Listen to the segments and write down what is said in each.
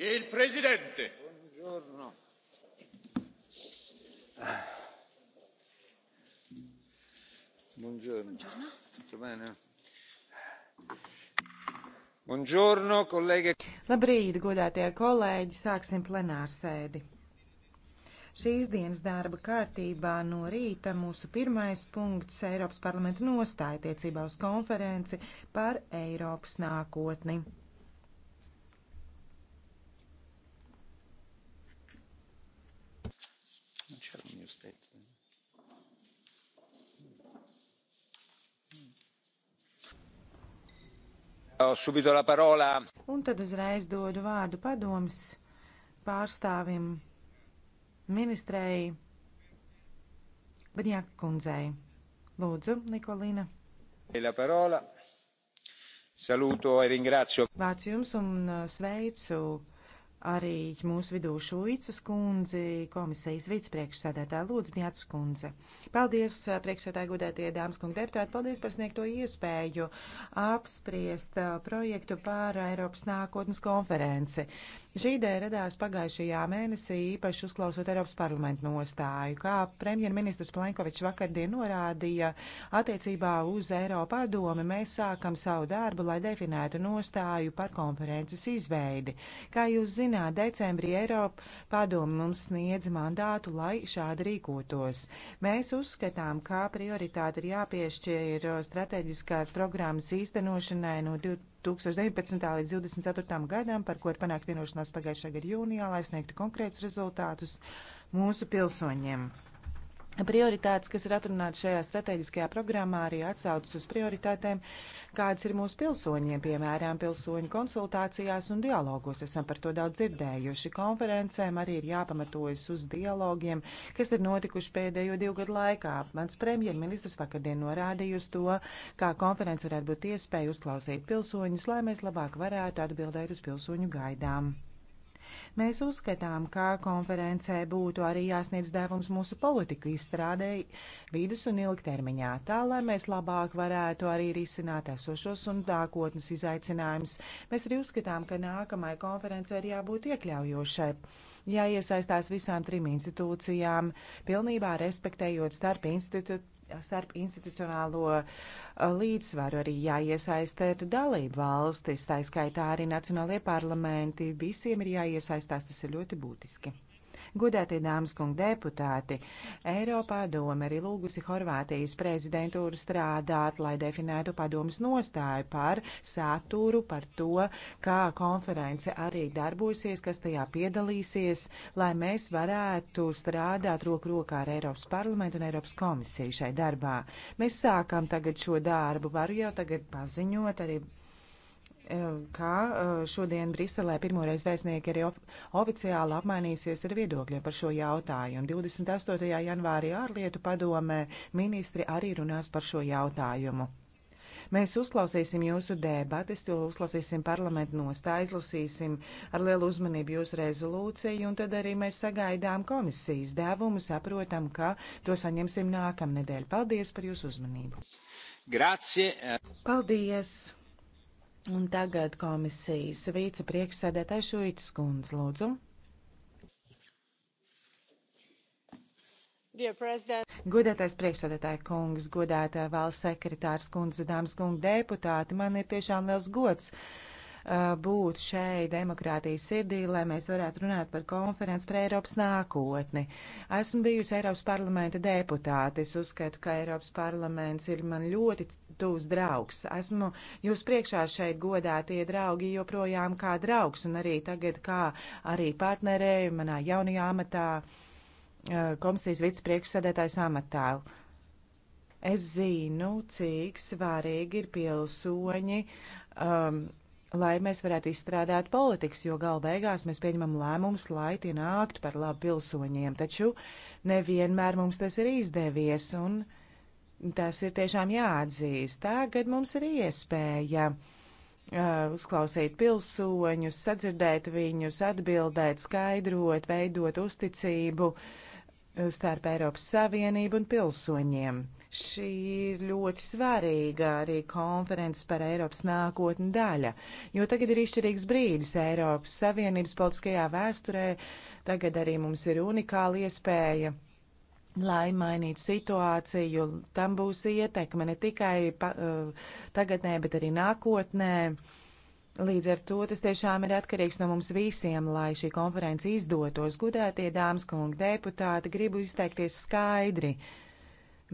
il presidente. Buongiorno. Buongiorno. Buongiorno. Tutto bene? Buongiorno, kolēģi. Labrīt, godātie kolēģi, sāksim plenārsēdi. Šīs dienas darba kārtībā no rīta mūsu pirmais punkts - Eiropas parlamenta nostāja tiecībā uz konferenci par Eiropas nākotni. Un tad uzreiz dodu vārdu padomas pārstāvim ministrei Baņāk kundzei. Lūdzu, Nikolīna. Saluto e ringrazio. Vārds jums un uh, sveicu arī mūsu vidū Šuicas kundzi, komisijas vicepriekšsēdētāja Lūdzu Mjāts kundze. Paldies, priekšsēdētāji godētie dāmas kungi deputāti, paldies par sniegto iespēju apspriest projektu pār Eiropas nākotnes konferenci. Šī ideja radās pagājušajā mēnesī, īpaši uzklausot Eiropas parlamentu nostāju, kā premjerministrs Plenkovičs vakardien norādīja attiecībā uz Eiropā domi. Mēs sākam savu darbu, lai definētu nostāju par konferences izveidi. Kā jūs zināt, decembrī Eiropa padomu mums sniedz mandātu, lai šādi rīkotos. Mēs uzskatām, kā prioritāte ir jāpiešķir strateģiskās programmas īstenošanai no 2020. 2019. līdz 2024. gadam, par ko ir panākt vienošanās pagājušā gada jūnijā, lai sniegtu konkrētus rezultātus mūsu pilsoņiem. Prioritātes, kas ir atrunātas šajā strateģiskajā programmā, arī atsaucas uz prioritātēm, kādas ir mūsu pilsoņiem, piemēram, pilsoņu konsultācijās un dialogos. Esam par to daudz dzirdējuši. Konferencēm arī ir jāpamatojas uz dialogiem, kas ir notikuši pēdējo divu gadu laikā. Mans premjerministrs vakardien norādīja uz to, kā konference varētu būt iespēja uzklausīt pilsoņus, lai mēs labāk varētu atbildēt uz pilsoņu gaidām. Mēs uzskatām, ka konferencē būtu arī jāsniedz devums mūsu politiku izstrādēji vidus un ilgtermiņā, tā lai mēs labāk varētu arī risināt esošos un nākotnes izaicinājumus. Mēs arī uzskatām, ka nākamai konferencē ir jābūt iekļaujošai jāiesaistās visām trim institūcijām, pilnībā respektējot starp institūcijām starp institucionālo eh, līdzsvaru arī jāiesaista ir dalība valstis, tā skaitā arī nacionālajie parlamenti. Visiem ir jāiesaistās, tas ir ļoti būtiski. Gudētie dāmas kungi deputāti, Eiropā doma arī lūgusi Horvātijas prezidentūru strādāt, lai definētu padomas nostāju par saturu, par to, kā konference arī darbosies, kas tajā piedalīsies, lai mēs varētu strādāt roku rokā ar Eiropas parlamentu un Eiropas komisiju šai darbā. Mēs sākam tagad šo darbu, varu jau tagad paziņot arī kā eh, šodien Briselē pirmoreiz vēstnieki arī oficiāli apmainīsies ar viedokļiem par šo jautājumu. 28. janvārī ārlietu padomē ministri arī runās par šo jautājumu. Mēs uzklausīsim jūsu debatas, uzklausīsim parlamentu nostāju, izlasīsim ar lielu uzmanību jūsu rezolūciju, un tad arī mēs sagaidām komisijas devumu, saprotam, ka to saņemsim nākamnedēļ. Paldies par jūsu uzmanību! Grazie! Paldies! Un tagad komisijas vicepriekšsēdētājs Šuits Kundz, lūdzu. Godātais priekšsēdētāja kungs, godātā valsts sekretārs kundze, dāmas kungi deputāti, man ir tiešām liels gods uh, Uh, būt šeit demokrātijas sirdī, lai mēs varētu runāt par konferenci par Eiropas nākotni. Esmu bijusi Eiropas parlamenta deputāte. Es uzskatu, ka Eiropas parlaments ir man ļoti tūs draugs. Esmu jūs priekšā šeit godā tie draugi joprojām kā draugs un arī tagad kā arī partnerēju manā jaunajā amatā uh, komisijas vicepriekšsēdētājs amatā. Es zinu, cik svarīgi ir pilsoņi um, lai mēs varētu izstrādāt politikas, jo galu beigās mēs pieņemam lēmumus, lai tie nāktu par labu pilsoņiem, taču nevienmēr mums tas ir izdevies, un tas ir tiešām jāatzīst. Tagad mums ir iespēja uh, uzklausīt pilsoņus, sadzirdēt viņus, atbildēt, skaidrot, veidot uzticību uh, starp Eiropas Savienību un pilsoņiem. Šī ir ļoti svarīga arī konferences par Eiropas nākotni daļa, jo tagad ir izšķirīgs brīdis Eiropas Savienības politiskajā vēsturē. Tagad arī mums ir unikāla iespēja, lai mainītu situāciju, jo tam būs ietekme ne tikai pa, uh, tagadnē, bet arī nākotnē. Līdz ar to tas tiešām ir atkarīgs no mums visiem, lai šī konference izdotos. Gudētie dāmas kungi deputāti gribu izteikties skaidri. Uh,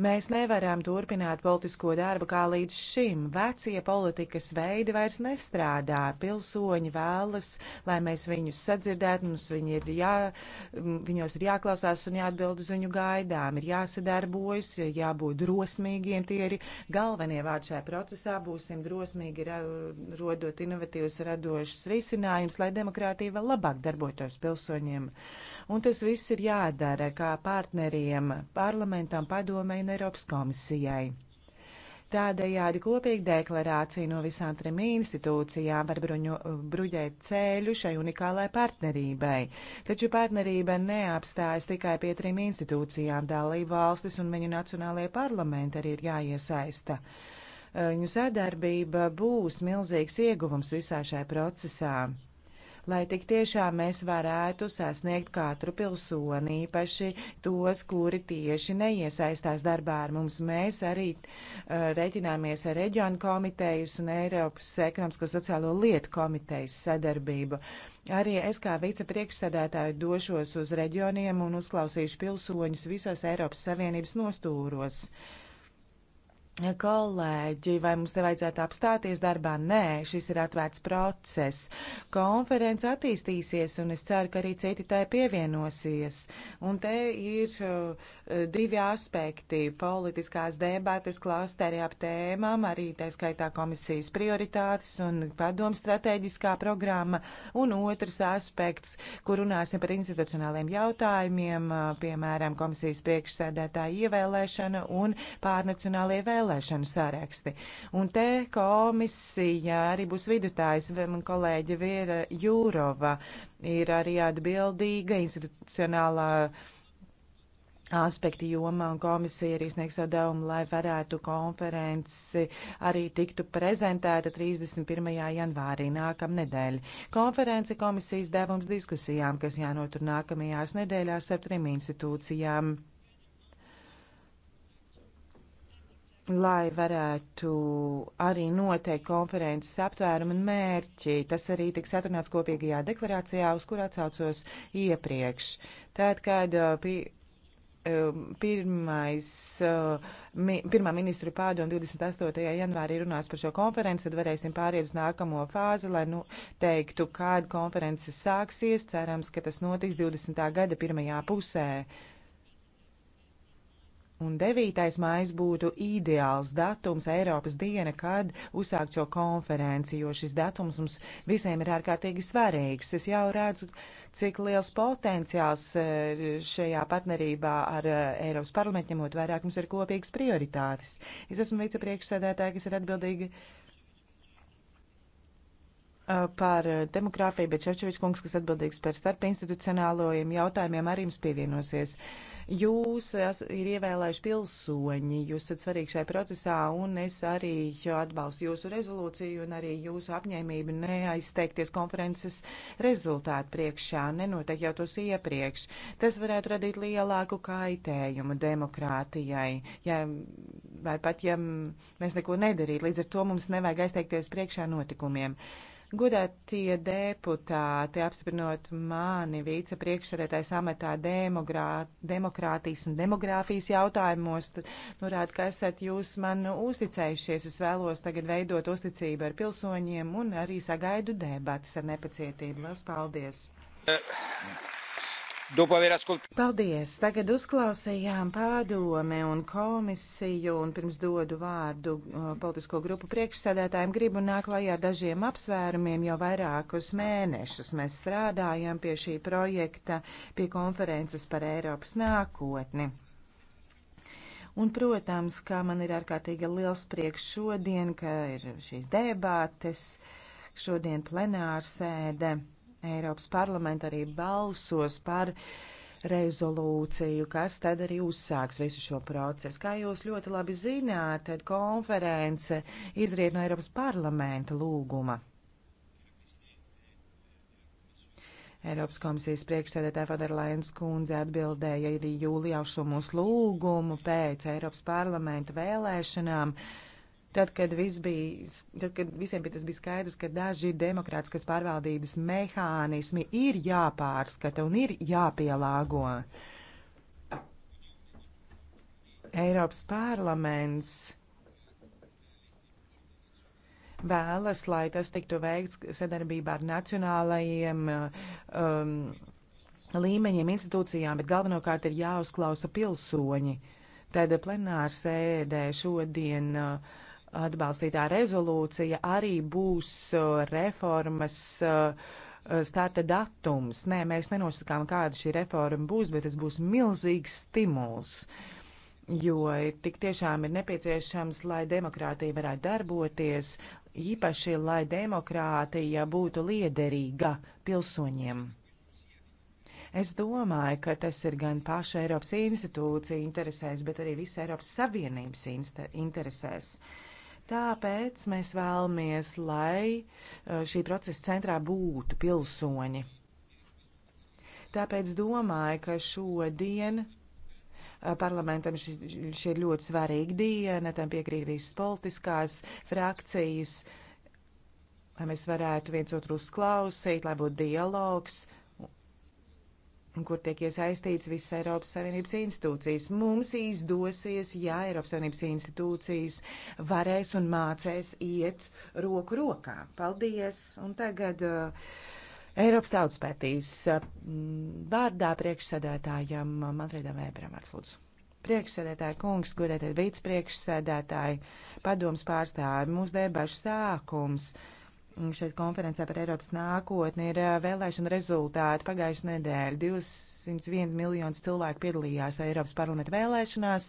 Mēs nevaram turpināt politisko darbu kā līdz šim. Vecie politikas veidi vairs nestrādā. Pilsoņi vēlas, lai mēs viņus sadzirdētu, mums viņi ir jā, viņos ir jāklausās un jāatbild uz viņu gaidām, ir jāsadarbojas, jābūt drosmīgiem. Tie ir galvenie vārdi šajā procesā. Būsim drosmīgi rodot inovatīvus radošus risinājumus, lai demokrātija vēl labāk darbotos pilsoņiem. Uh, Un tas viss ir jādara kā partneriem parlamentam, padomē un Eiropas komisijai. Tādējādi kopīga deklarācija no visām trim institūcijām var bruņu, bruģēt ceļu šai unikālai partnerībai. Taču partnerība neapstājas tikai pie trim institūcijām. Dalība valstis un viņu nacionālajie parlamenti arī ir jāiesaista. Viņu sadarbība būs milzīgs ieguvums visā šajā procesā lai tik tiešām mēs varētu sasniegt katru pilsoni, īpaši tos, kuri tieši neiesaistās darbā ar mums. Mēs arī uh, reķināmies ar reģionu komitejas un Eiropas ekonomisko sociālo lietu komitejas sadarbību. Arī es kā vicepriekšsēdētāju došos uz reģioniem un uzklausīšu pilsoņus visos Eiropas Savienības nostūros. Uh, Kolēģi, vai mums nevajadzētu apstāties darbā? Nē, šis ir atvērts process. Konference attīstīsies, un es ceru, ka arī citi tai pievienosies. Un te ir divi aspekti - politiskās debates klāsteri ap tēmām, arī tā skaitā komisijas prioritātes un padomu strateģiskā programma, un otrs aspekts, kur runāsim par institucionāliem jautājumiem, piemēram, komisijas priekšsēdētāja ievēlēšana un pārnacionālie vēlēšanu saraksti. Un te komisija arī būs vidutājs, kolēģi Viera Jūrova ir arī atbildīga institucionālā uh, aspekti jomā un komisija arī sniegs savu devumu, lai varētu konferenci arī tiktu prezentēta 31. janvārī nākamnedēļ. Konference komisijas devums diskusijām, kas jānotur nākamajās nedēļās ar trim institūcijām. Lai varētu arī noteikt konferences aptvērumu un mērķi, tas arī tiks atrunāts kopīgajā deklarācijā, uz kur atsaucos iepriekš. Tad, kad uh, pie, Um, pirmais, uh, mi, pirmā ministru pārdoma 28. janvārī runās par šo konferenci, tad varēsim pāriet uz nākamo fāzi, lai nu, teiktu, kāda konferences sāksies. Cerams, ka tas notiks 20. gada pirmajā pusē. Uh, Un 9. mājas būtu ideāls datums Eiropas diena, kad uzsākt šo konferenci, jo šis datums mums visiem ir ārkārtīgi svarīgs. Es jau redzu, cik liels potenciāls eh, šajā partnerībā ar eh, Eiropas parlamentu, ņemot vairāk mums ir kopīgas prioritātes. Es esmu vicepriekšsēdētāja, kas ir atbildīga Uh, par uh, demogrāfiju, bet Šefčovičs kungs, kas atbildīgs par starpinstitucionālojiem jautājumiem, arī jums pievienosies. Jūs uh, es, ir ievēlējuši pilsoņi, jūs esat svarīgi šajā procesā, un es arī atbalstu jūsu rezolūciju un arī jūsu apņēmību neaizsteigties konferences rezultātu priekšā, nenoteikti jau tos iepriekš. Tas varētu radīt lielāku kaitējumu demokrātijai, ja, vai pat ja mēs neko nedarītu, līdz ar to mums nevajag aizteikties priekšā notikumiem. Uh, Godātie deputāti, apstiprinot mani vicepriekšsēdētājs amatā demokrātijas un demogrāfijas jautājumos, norāda, ka esat jūs man uzticējušies. Es vēlos tagad veidot uzticību ar pilsoņiem un arī sagaidu debatas ar nepacietību. Lielas paldies! Uh. Paldies! Tagad uzklausījām pārdome un komisiju, un pirms dodu vārdu uh, politisko grupu priekšsēdētājiem gribu nāk klajā ar dažiem apsvērumiem. Jau vairākus mēnešus mēs strādājam pie šī projekta, pie konferences par Eiropas nākotni. Un, protams, kā man ir ārkārtīgi liels prieks šodien, ka ir šīs debātes, šodien plenārsēde. sēde Eiropas parlamenta arī balsos par rezolūciju, kas tad arī uzsāks visu šo procesu. Kā jūs ļoti labi zināt, tad konference izriet no Eiropas parlamenta lūguma. Eiropas komisijas priekšsēdētāja Faderlainas kundze atbildēja arī jūlijā šo mūsu lūgumu pēc Eiropas parlamenta vēlēšanām. Uh, Tad, kad, bija, tad, kad visiem bija tas bija skaidrs, ka daži demokrātiskas pārvaldības mehānismi ir jāpārskata un ir jāpielāgo. Eiropas parlaments vēlas, lai tas tiktu veikts sadarbībā ar nacionālajiem um, līmeņiem, institūcijām, bet galvenokārt ir jāuzklausa pilsoņi. Tad plenārsēdē šodien uh, atbalstītā rezolūcija arī būs uh, reformas uh, starta datums. Nē, mēs nenosakām, kāda šī reforma būs, bet tas būs milzīgs stimuls. Jo tik tiešām ir nepieciešams, lai demokrātija varētu darboties, īpaši, lai demokrātija būtu liederīga pilsoņiem. Es domāju, ka tas ir gan paša Eiropas institūcija interesēs, bet arī visa Eiropas Savienības interesēs. Uh, Tāpēc mēs vēlamies, lai uh, šī procesa centrā būtu pilsoņi. Tāpēc domāju, ka šodien uh, parlamentam šis, šī ir ļoti svarīga diena, tam piekrīt visas politiskās frakcijas, lai mēs varētu viens otru uzklausīt, lai būtu dialogs. Uh, kur tiek iesaistīts visas Eiropas Savienības institūcijas. Mums izdosies, ja Eiropas Savienības institūcijas varēs un mācēs iet roku rokā. Paldies! Un tagad uh, Eiropas tautas pētīs uh, mm, vārdā priekšsēdētājam uh, Manfredam Vēberam atslūdzu. Priekšsēdētāji kungs, godētie vicepriekšsēdētāji, padoms pārstāvi, mūsu debašu sākums. Uh, šeit konferencē par Eiropas nākotni ir eh, vēlēšana rezultāti pagājušas nedēļa. 201 miljonus cilvēku piedalījās Eiropas parlamenta vēlēšanās.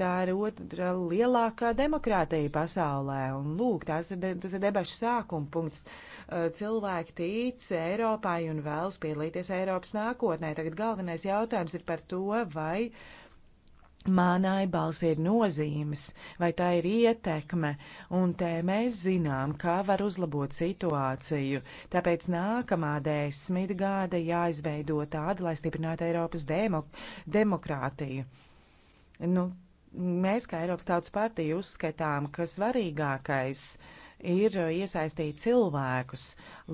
Tā ir otra lielākā demokrātija pasaulē. Un, lūk, tas ir, de, tas ir debašu sākuma punkts. Eh, cilvēki tic Eiropai un vēlas piedalīties Eiropas nākotnē. Tagad galvenais jautājums ir par to, vai uh, Mānai balsi ir nozīmes, vai tā ir ietekme, un te mēs zinām, kā var uzlabot situāciju. Tāpēc nākamā desmit gada jāizveido tāda, lai stiprinātu Eiropas demok demokrātiju. Nu, mēs, kā Eiropas Tautas partija, uzskatām, ka svarīgākais ir ir eh, iesaistīt cilvēkus,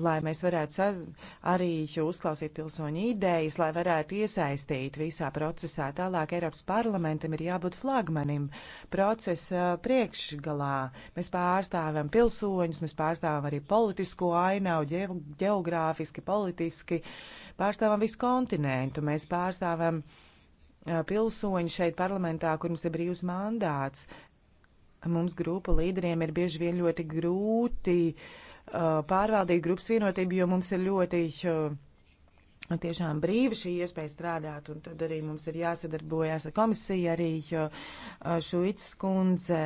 lai mēs varētu arī uzklausīt pilsoņu idejas, lai varētu iesaistīt visā procesā. Tālāk Eiropas parlamentam ir jābūt flagmanim procesa priekšgalā. Mēs pārstāvam pilsoņus, mēs pārstāvam arī politisko ainavu, ģe geogrāfiski, politiski, pārstāvam visu kontinentu, mēs pārstāvam eh, pilsoņi šeit parlamentā, kur mums ir brīvs mandāts. Mums grupu līderiem ir bieži vien ļoti grūti uh, pārvaldīt grupas vienotību, jo mums ir ļoti uh, tiešām brīvi šī iespēja strādāt, un tad arī mums ir jāsadarbojās ar komisiju, arī uh, Šuits kundze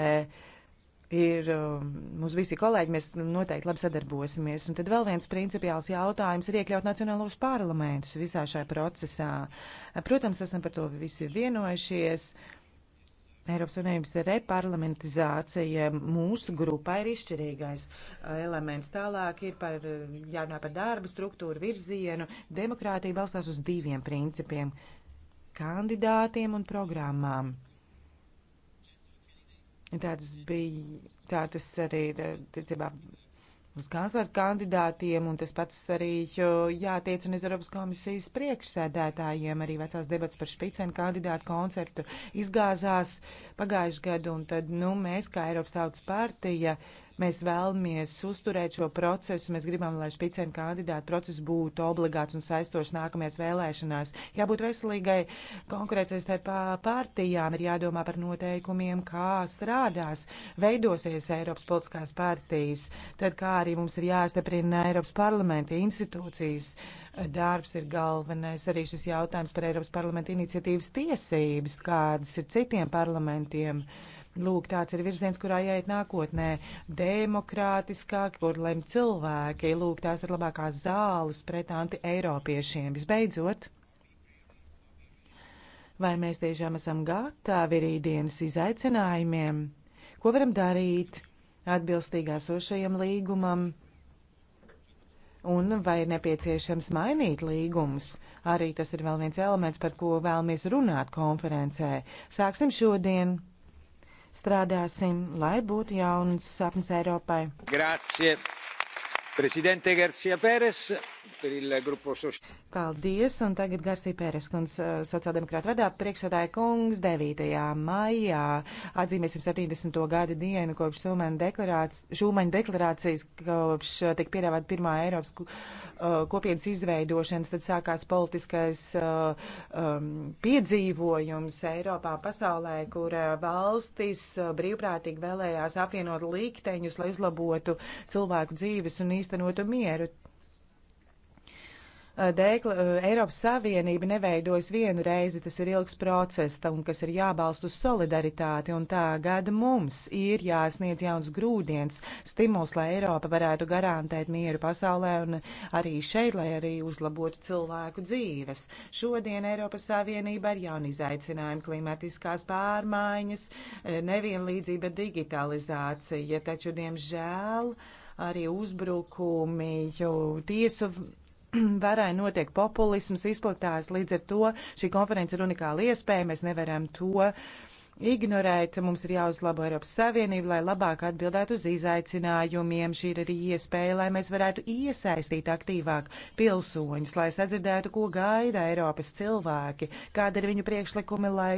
ir um, mūsu visi kolēģi, mēs noteikti labi sadarbosimies. Un tad vēl viens principiāls jautājums ir iekļaut nacionālos parlamentus visā šajā procesā. Protams, esam par to visi vienojušies. Uh, Eiropas Savienības reparlamentizācija mūsu grupā ir izšķirīgais elements. Tālāk ir par, jārunā par darbu, struktūru, virzienu. Demokrātija balstās uz diviem principiem - kandidātiem un programmām. Tāds bija, tā tas arī ir, ticībā, uz kancleru kandidātiem, un tas pats arī jātiec un uz Eiropas komisijas priekšsēdētājiem. Arī vecās debats par špicēnu kandidātu konceptu izgāzās pagājušajā gadu, un tad, nu, mēs, kā Eiropas tautas partija, uh, Mēs vēlamies uzturēt šo procesu, mēs gribam, lai špicēm kandidātu process būtu obligāts un saistošs nākamajās vēlēšanās. Jābūt veselīgai konkurencei starp partijām, ir jādomā par noteikumiem, kā strādās, veidosies Eiropas politiskās partijas, tad kā arī mums ir jāstiprina Eiropas parlamenta institūcijas darbs ir galvenais. Arī šis jautājums par Eiropas parlamenta iniciatīvas tiesības, kādas ir citiem parlamentiem. Uh, Lūk, tāds ir virziens, kurā jāiet nākotnē - demokrātiskāk, kur lem cilvēki. Lūk, tās ir labākās zāles pret anti-eiropiešiem. Visbeidzot, vai mēs tiešām esam gatavi rītdienas izaicinājumiem? Ko varam darīt atbilstīgi esošajam līgumam? Un vai ir nepieciešams mainīt līgumus? Arī tas ir vēl viens elements, par ko vēlamies runāt konferencē. Sāksim šodien! strādāsim, lai būtu jauns sapnis Eiropai. Grazie, prezidente Garcia Pērēs. Paldies, un tagad Garsī Pēreskundz eh, sociāldemokrāta vadā priekšsēdāja kungs 9. maijā atzīmēsim 70. gada dienu kopš Šūmaņa deklarācijas, Šūmaņa deklarācijas kopš eh, tika piedāvāta pirmā Eiropas eh, kopienas izveidošanas, tad sākās politiskais um, piedzīvojums Eiropā, pasaulē, kur valstis brīvprātīgi vēlējās apvienot likteņus, lai uzlabotu cilvēku dzīves un īstenotu mieru. Dēkla, Eiropas Savienība neveidojas vienu reizi, tas ir ilgs process, un kas ir jābalst uz solidaritāti, un tagad mums ir jāsniedz jauns grūdienis, stimuls, lai Eiropa varētu garantēt mieru pasaulē un arī šeit, lai arī uzlabotu cilvēku dzīves. Šodien Eiropas Savienība ir jauni izaicinājumi klimatiskās pārmaiņas, nevienlīdzība, digitalizācija, taču, diemžēl, arī uzbrukumi, jo tiesu varai notiek populisms, izplatās līdz ar to šī konference ir unikāla iespēja, mēs nevaram to ignorēt, mums ir jāuzlabo Eiropas Savienība, lai labāk atbildētu uz izaicinājumiem, šī ir arī iespēja, lai mēs varētu iesaistīt aktīvāk pilsoņus, lai sadzirdētu, ko gaida Eiropas cilvēki, kāda ir viņu priekšlikumi, lai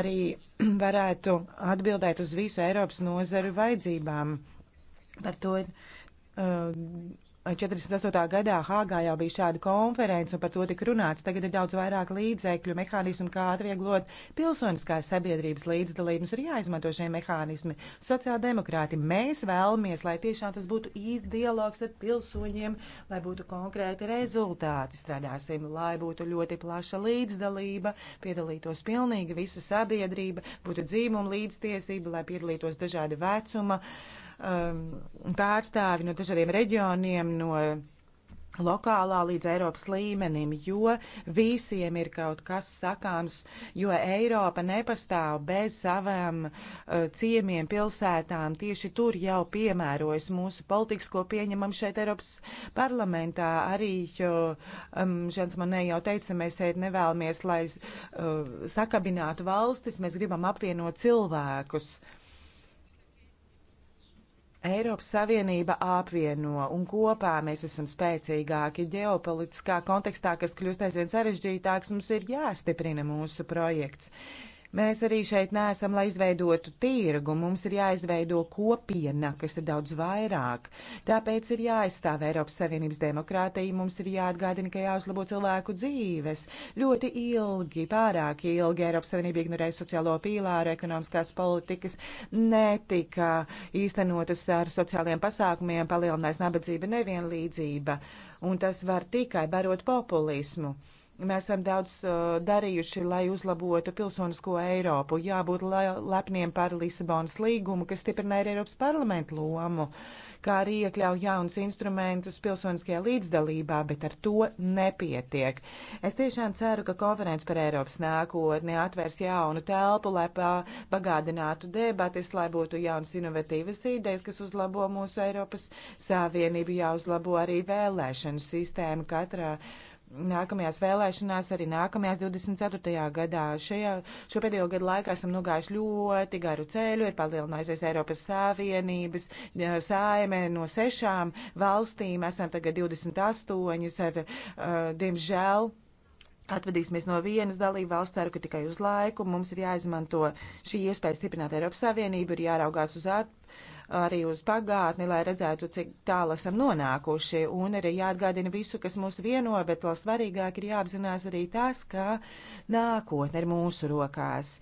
arī varētu atbildēt uz visu Eiropas nozaru vaidzībām. Par to ir uh, 48. gadā Hāgā jau bija šāda konference, un par to tika runāts. Tagad ir daudz vairāk līdzekļu mehānismu, kā atvieglot pilsoniskās sabiedrības līdzdalības. Ir jāizmanto šie mehānismi. Sociāldemokrāti, mēs vēlamies, lai tiešām tas būtu īsts dialogs ar pilsoņiem, lai būtu konkrēti rezultāti. Strādāsim, lai būtu ļoti plaša līdzdalība, piedalītos pilnīgi visa sabiedrība, būtu dzīvuma līdztiesība, lai piedalītos dažādi vecuma. Uh, Um, pārstāvi no dažādiem reģioniem, no lokālā līdz Eiropas līmenim, jo visiem ir kaut kas sakāms, jo Eiropa nepastāv bez savām uh, ciemiem, pilsētām. Tieši tur jau piemērojas mūsu politikas, ko pieņemam šeit Eiropas parlamentā. Arī, jo um, Žens Manē jau teica, mēs šeit nevēlamies, lai uh, sakabinātu valstis, mēs gribam apvienot cilvēkus. Uh, Eiropas Savienība apvieno un kopā mēs esam spēcīgāki ģeopolitiskā kontekstā, kas kļūst aizvien sarežģītāks, mums ir jāstiprina mūsu projekts. Mēs arī šeit neesam, lai izveidotu tirgu, mums ir jāizveido kopiena, kas ir daudz vairāk. Tāpēc ir jāaizstāv Eiropas Savienības demokrātija, mums ir jāatgādina, ka jāuzlabo cilvēku dzīves. Ļoti ilgi, pārāk ilgi Eiropas Savienība ignorēja sociālo pīlāru, ekonomiskās politikas netika īstenotas ar sociāliem pasākumiem, palielinājās nabadzība, nevienlīdzība, un tas var tikai barot populismu. Mēs esam daudz uh, darījuši, lai uzlabotu pilsonisko Eiropu. Jābūt lepniem par Lisabonas līgumu, kas stiprina arī Eiropas parlamentu lomu, kā arī iekļauj jauns instrumentus pilsoniskajā līdzdalībā, bet ar to nepietiek. Es tiešām ceru, ka konferences par Eiropas nākotni atvērs jaunu telpu, lai bagādinātu debatis, lai būtu jauns inovatīvas idejas, kas uzlabo mūsu Eiropas Savienību, jāuzlabo arī vēlēšanu sistēmu katrā. Uh, nākamajās vēlēšanās, arī nākamajās 24. gadā. Šajā, šo pēdējo gadu laikā esam nogājuši ļoti garu ceļu, ir palielinājusies Eiropas Savienības saime no sešām valstīm, esam tagad 28, ar, uh, diemžēl. Atvadīsimies no vienas dalību valsts, ceru, ka tikai uz laiku. Mums ir jāizmanto šī iespēja stiprināt Eiropas Savienību, ir jāraugās uz atpakaļ arī uz pagātni, lai redzētu, cik tālu esam nonākuši. Un arī jāatgādina visu, kas mūs vieno, bet vēl svarīgāk ir jāapzinās arī tas, ka nākotne ir mūsu rokās,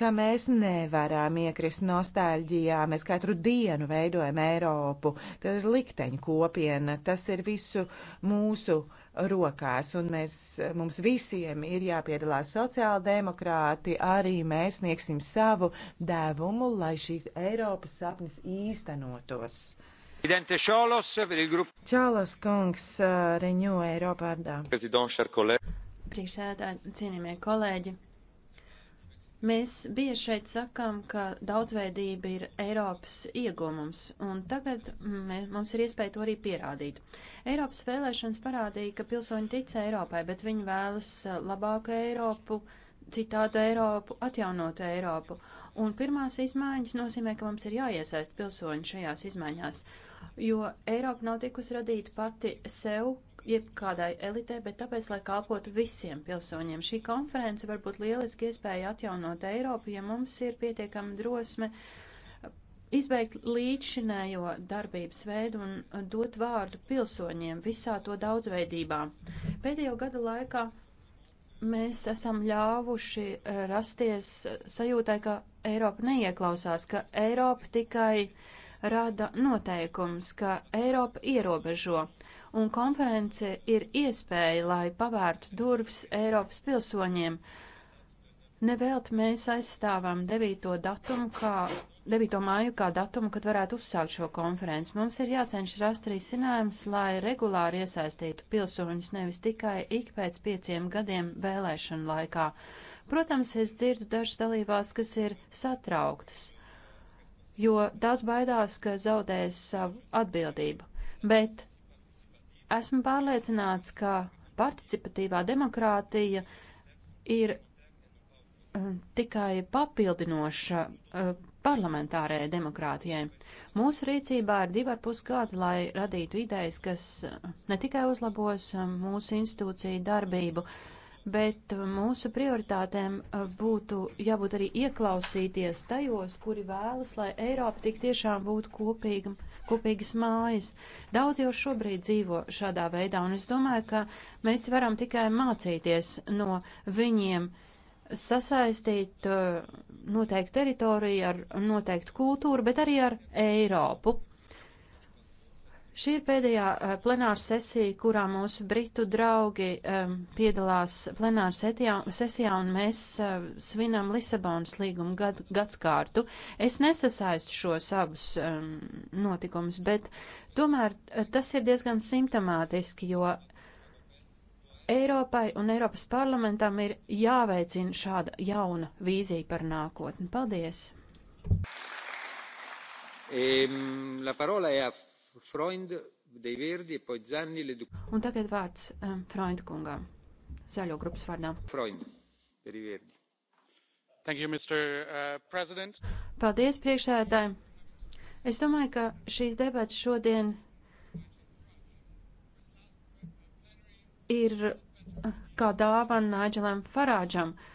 ka mēs nevaram iekrist nostalģijā, mēs katru dienu veidojam Eiropu, tas ir likteņu kopiena, tas ir visu mūsu rokās rokās, un mēs, mums visiem ir jāpiedalās sociāla demokrāti, arī mēs sniegsim savu devumu, lai šīs Eiropas sapnis īstenotos. Čālas kungs, eh, Reņo Eiropā. Priekšsēdētāji, cienījamie kolēģi, Mēs bieži šeit sakām, ka daudzveidība ir Eiropas iegūmums, un tagad mēs, mums ir iespēja to arī pierādīt. Eiropas vēlēšanas parādīja, ka pilsoņi tic Eiropai, bet viņi vēlas labāku Eiropu, citādu Eiropu, atjaunotu Eiropu. Un pirmās izmaiņas nozīmē, ka mums ir jāiesaist pilsoņi šajās izmaiņās, jo Eiropa nav tikus radīta pati sev, jebkādai elitei, bet tāpēc, lai kalpotu visiem pilsoņiem. Šī konference var būt lieliski iespēja atjaunot Eiropu, ja mums ir pietiekama drosme izbeigt līdzšinējo darbības veidu un dot vārdu pilsoņiem visā to daudzveidībā. Pēdējo gadu laikā mēs esam ļāvuši rasties sajūtai, ka Eiropa neieklausās, ka Eiropa tikai rada noteikums, ka Eiropa ierobežo un konference ir iespēja, lai pavērtu durvis Eiropas pilsoņiem. Nevelti mēs aizstāvam 9. datumu kā 9. māju kā datumu, kad varētu uzsākt šo konferenci. Mums ir jācenšas rast risinājums, lai regulāri iesaistītu pilsoņus nevis tikai ik pēc pieciem gadiem vēlēšanu laikā. Protams, es dzirdu dažas dalībās, kas ir satrauktas jo tās baidās, ka zaudēs savu atbildību. Bet Esmu pārliecināts, ka participatīvā demokrātija ir um, tikai papildinoša uh, parlamentārajai demokrātijai. Mūsu rīcībā ir divi ar pus gadi, lai radītu idejas, kas uh, ne tikai uzlabos um, mūsu institūciju darbību, uh, bet uh, mūsu prioritātēm uh, būtu jābūt arī ieklausīties tajos, kuri vēlas, lai Eiropa tik tiešām būtu kopīga, kopīgas mājas. Daudz jau šobrīd dzīvo šādā veidā, un es domāju, ka mēs varam tikai mācīties no viņiem sasaistīt uh, noteiktu teritoriju ar noteiktu kultūru, bet arī ar Eiropu. Šī ir pēdējā eh, plenāra sesija, kurā mūsu britu draugi um, piedalās plenāra setijā, sesijā, un mēs uh, svinam Lisabonas līguma gad, gadskārtu. Es nesasaistu šos abus um, notikumus, bet tomēr tas ir diezgan simptomātiski, jo Eiropai un Eiropas parlamentam ir jāveicina šāda jauna vīzija par nākotni. Paldies! E, la parola è a Freund, De Verdi, e Poizzani, Ledu. Un tagad vārds um, Freund kungam, zaļo grupas vārdā. Freund, De Verdi. Thank you, Mr. Uh, president. Paldies, priekšsēdētāji. Es domāju, ka šīs debats šodien ir eh, kā dāvana Nāģelam Farāģam. Uh,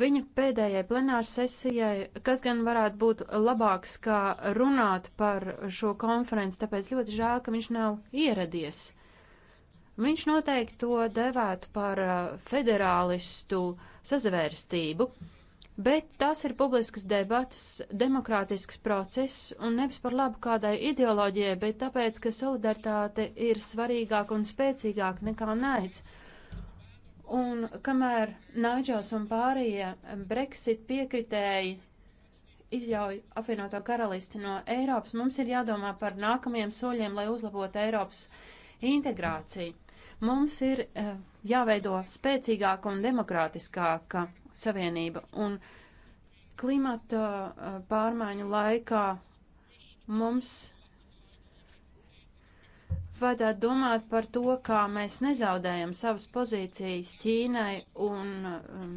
viņa pēdējai plenāru sesijai, kas gan varētu būt labāks, kā runāt par šo konferenci, tāpēc ļoti žēl, ka viņš nav ieradies. Viņš noteikti to devētu par uh, federālistu sazvērstību, bet tās ir publiskas debatas, demokrātisks process un nevis par labu kādai ideoloģijai, bet tāpēc, ka solidaritāte ir svarīgāka un spēcīgāka nekā naids. Ne Un kamēr Naidžels un pārējie Brexit piekritēji izļauj apvienoto karalisti no Eiropas, mums ir jādomā par nākamajiem soļiem, lai uzlabotu Eiropas integrāciju. Mums ir uh, jāveido spēcīgāka un demokrātiskāka savienība, un klimata uh, pārmaiņu laikā mums vajadzētu domāt par to, kā mēs nezaudējam savas pozīcijas Ķīnai un um,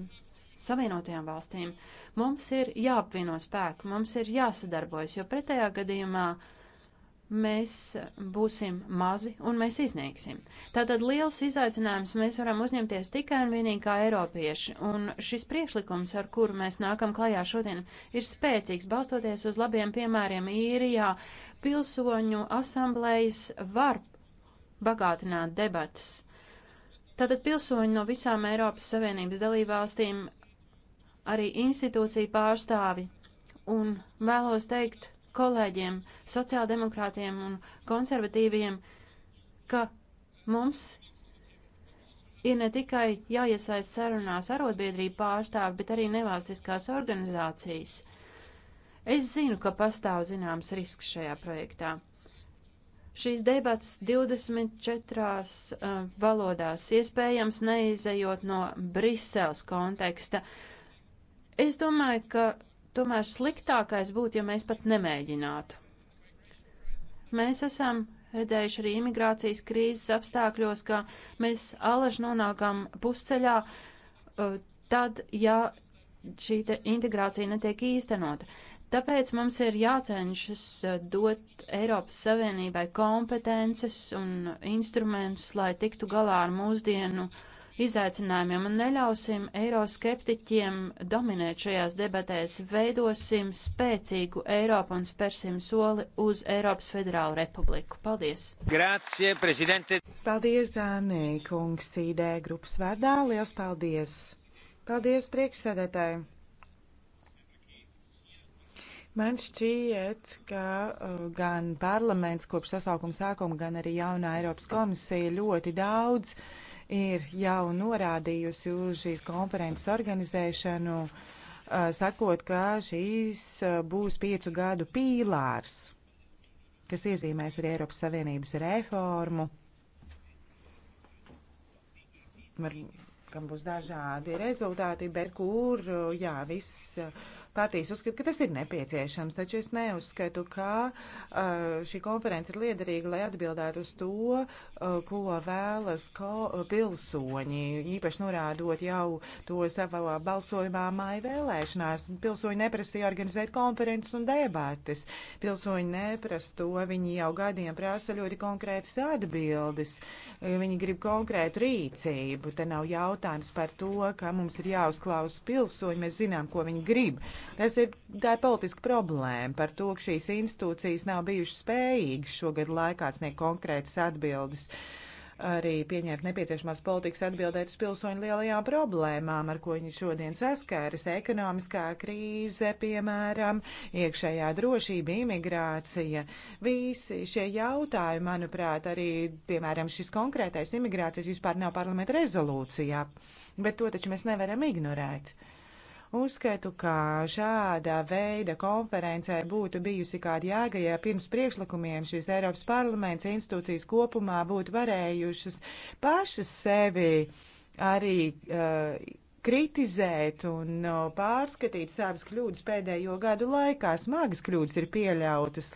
Savienotajām valstīm. Mums ir jāapvieno spēku, mums ir jāsadarbojas, jo pretējā gadījumā mēs būsim mazi un mēs izniegsim. Tātad liels izaicinājums mēs varam uzņemties tikai un vienīgi kā eiropieši, un šis priekšlikums, ar kuru mēs nākam klajā šodien, ir spēcīgs, balstoties uz labiem piemēriem īrijā. Pilsoņu asamblējas var bagātināt debatas. Tātad pilsoņi no visām Eiropas Savienības dalībvalstīm, arī institūcija pārstāvi, un vēlos teikt kolēģiem, sociāldemokrātiem un konservatīviem, ka mums ir ne tikai jāiesaist sarunās arotbiedrību pārstāvi, bet arī nevalstiskās organizācijas. Es zinu, ka pastāv zināms risks šajā projektā šīs debatas 24 uh, valodās, iespējams, neizejot no Briseles konteksta. Es domāju, ka tomēr sliktākais būtu, ja mēs pat nemēģinātu. Mēs esam redzējuši arī imigrācijas krīzes apstākļos, ka mēs alaži nonākam pusceļā, uh, tad, ja šī integrācija netiek īstenota. Tāpēc mums ir jācenšas eh, dot Eiropas Savienībai kompetences un instrumentus, lai tiktu galā ar mūsdienu izaicinājumiem un neļausim eiroskeptiķiem dominēt šajās debatēs, veidosim spēcīgu Eiropu un spērsim soli uz Eiropas Federālu Republiku. Paldies! Grācie, prezidente! Paldies, Dānī, kungs, CD grupas vārdā, liels paldies! Paldies, priekšsēdētāji! Man šķiet, ka uh, gan parlaments kopš sasaukuma sākuma, gan arī jaunā Eiropas komisija ļoti daudz ir jau norādījusi uz šīs konferences organizēšanu, uh, sakot, ka šīs uh, būs piecu gadu pīlārs, kas iezīmēs arī Eiropas Savienības reformu. Var, kam būs dažādi rezultāti, bet kur, jā, viss partijas uzskata, ka tas ir nepieciešams, taču es neuzskatu, ka uh, šī konference ir liederīga, lai atbildētu uz to, uh, ko vēlas ko, pilsoņi, īpaši norādot jau to savā balsojumā māja vēlēšanās. Pilsoņi neprasīja organizēt konferences un debates. Pilsoņi neprasa to, viņi jau gadiem prasa ļoti konkrētas atbildes. Viņi grib konkrētu rīcību. Te nav jautājums par to, ka mums ir jāuzklausa pilsoņi, mēs zinām, ko viņi grib. Uh, Tas ir, tā ir politiska problēma par to, ka šīs institūcijas nav bijušas spējīgas šogad laikā sniegt konkrētas atbildes arī pieņemt nepieciešamās politikas atbildēt uz pilsoņu lielajām problēmām, ar ko viņi šodien saskāras - ekonomiskā krīze, piemēram, iekšējā drošība, imigrācija. Visi šie jautājumi, manuprāt, arī, piemēram, šis konkrētais imigrācijas vispār nav parlamenta rezolūcijā, bet to taču mēs nevaram ignorēt. Uzskatu, ka šādā veida konferencē būtu bijusi kāda jēga, ja pirms priekšlikumiem šīs Eiropas parlaments institūcijas kopumā būtu varējušas pašas sevi arī uh, kritizēt un uh, pārskatīt savas kļūdas pēdējo gadu laikā. Smagas kļūdas ir pieļautas.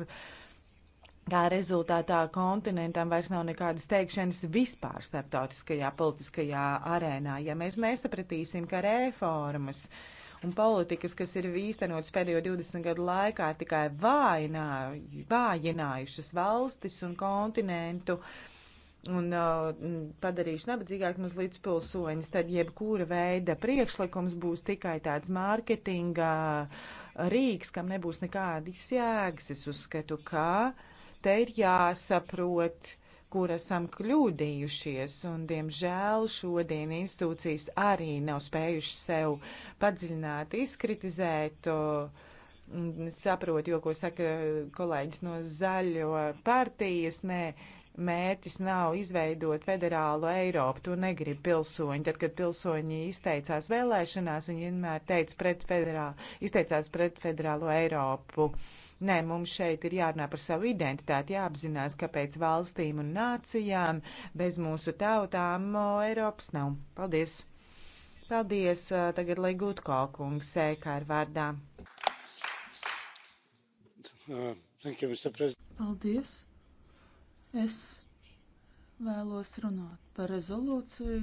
Kā rezultātā kontinentam vairs nav nekādas teikšanas vispār starptautiskajā politiskajā arēnā, ja mēs nesapratīsim, ka reformas uh, un politikas, kas ir īstenotas pēdējo 20 gadu laikā, ir tikai vājinājušas valstis un kontinentu un uh, padarījuši nabadzīgāks mūsu līdzpilsoņus, tad jebkura veida priekšlikums būs tikai tāds mārketinga rīks, kam nebūs nekādas jēgas. Es uzskatu, ka te ir jāsaprot, kur esam kļūdījušies, un, diemžēl, šodien institūcijas arī nav spējuši sev padziļināt, izkritizēt. Saprotu, jo, ko saka kolēģis no zaļo partijas, nē, mērķis nav izveidot federālu Eiropu, to negrib pilsoņi. Tad, kad pilsoņi izteicās vēlēšanās, viņi vienmēr teica pret federālu, izteicās pret federālo Eiropu. Uh, Nē, mums šeit ir jārunā par savu identitāti, jāapzinās, ka pēc valstīm un nācijām bez mūsu tautām Eiropas nav. Paldies! Paldies! Tagad lai gūt kalkungs sēkā ar vārdā. Uh, thank you, Mr. President. Paldies! Es vēlos runāt par rezolūciju,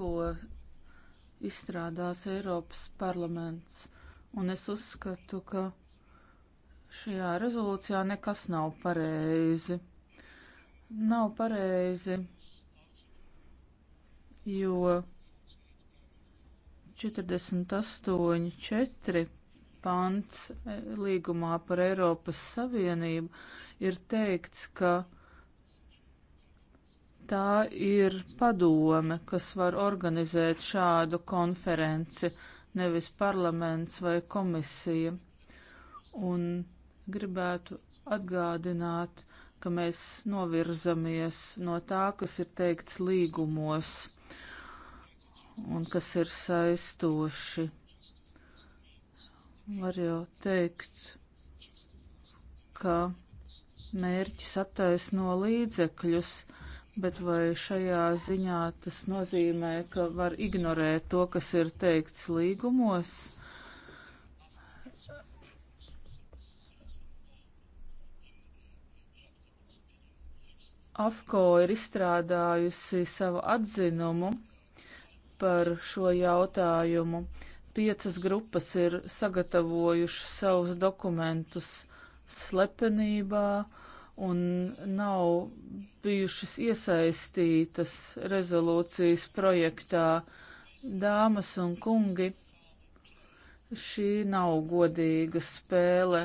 ko izstrādās Eiropas parlaments un es uzskatu, ka šajā rezolūcijā nekas nav pareizi. Nav pareizi, jo 48.4 pants e, līgumā par Eiropas Savienību ir teikts, ka tā ir padome, kas var organizēt šādu konferenci nevis parlaments vai komisija. Un gribētu atgādināt, ka mēs novirzamies no tā, kas ir teikts līgumos un kas ir saistoši. Var jau teikt, ka mērķis attaisno līdzekļus, bet vai šajā ziņā tas nozīmē, ka var ignorēt to, kas ir teikts līgumos? AFCO ir izstrādājusi savu atzinumu par šo jautājumu. Piecas grupas ir sagatavojušas savus dokumentus slepenībā, uh, un nav bijušas iesaistītas rezolūcijas projektā. Dāmas un kungi, šī nav godīga spēle.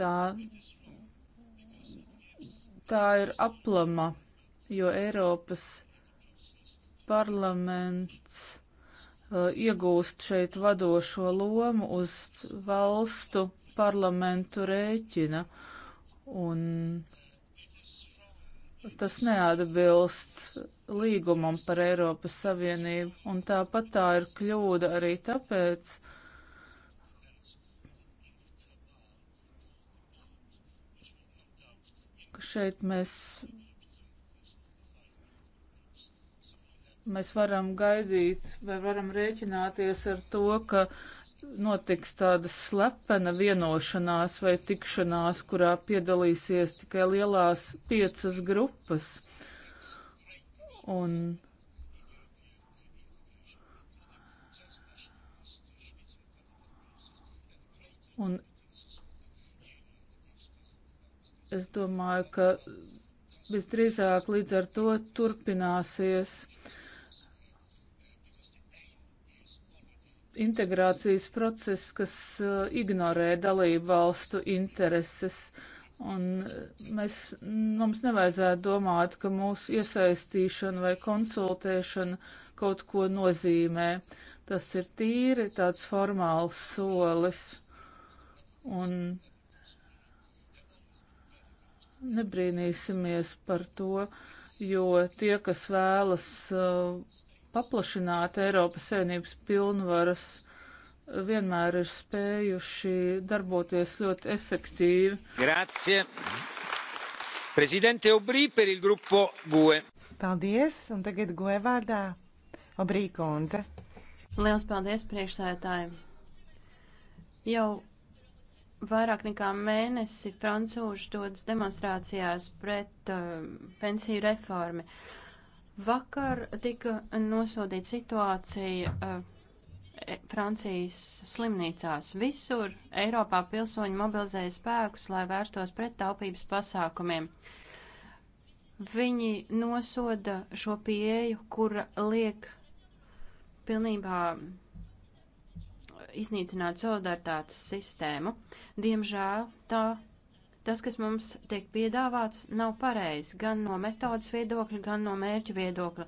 Tā, tā ir aplama, jo Eiropas parlaments uh, iegūst šeit vadošo lomu uz valstu parlamentu rēķina. Uh, un tas neatbilst līgumam par Eiropas Savienību, un tāpat tā ir kļūda arī tāpēc, ka šeit mēs, mēs varam gaidīt vai varam rēķināties ar to, ka notiks tāda slepena vienošanās vai tikšanās, kurā piedalīsies tikai lielās piecas grupas. Un Un es domāju, ka visdrīzāk līdz ar to turpināsies uh, integrācijas process, kas uh, ignorē dalību valstu intereses. Un uh, mēs, mums nevajadzētu domāt, ka mūsu iesaistīšana vai konsultēšana kaut ko nozīmē. Tas ir tīri tāds formāls solis. Un nebrīnīsimies par to, jo tie, kas vēlas uh, paplašināt Eiropas Savienības pilnvaras, vienmēr ir spējuši darboties ļoti efektīvi. Grazie. Prezidente Obrī per il gruppo GUE. Paldies, un tagad GUE vārdā Obrī Konze. Liels paldies priekšsētājiem. Jau vairāk nekā mēnesi francūži dodas demonstrācijās pret uh, pensiju reformi. Uh, Vakar tika nosodīta situācija uh, Francijas slimnīcās. Visur Eiropā pilsoņi mobilizēja spēkus, lai vērstos pret taupības pasākumiem. Viņi nosoda šo pieeju, kur liek pilnībā iznīcināt solidaritātes sistēmu. Diemžēl tā Tas, kas mums tiek piedāvāts, nav pareizi gan no metodas viedokļa, gan no mērķu viedokļa.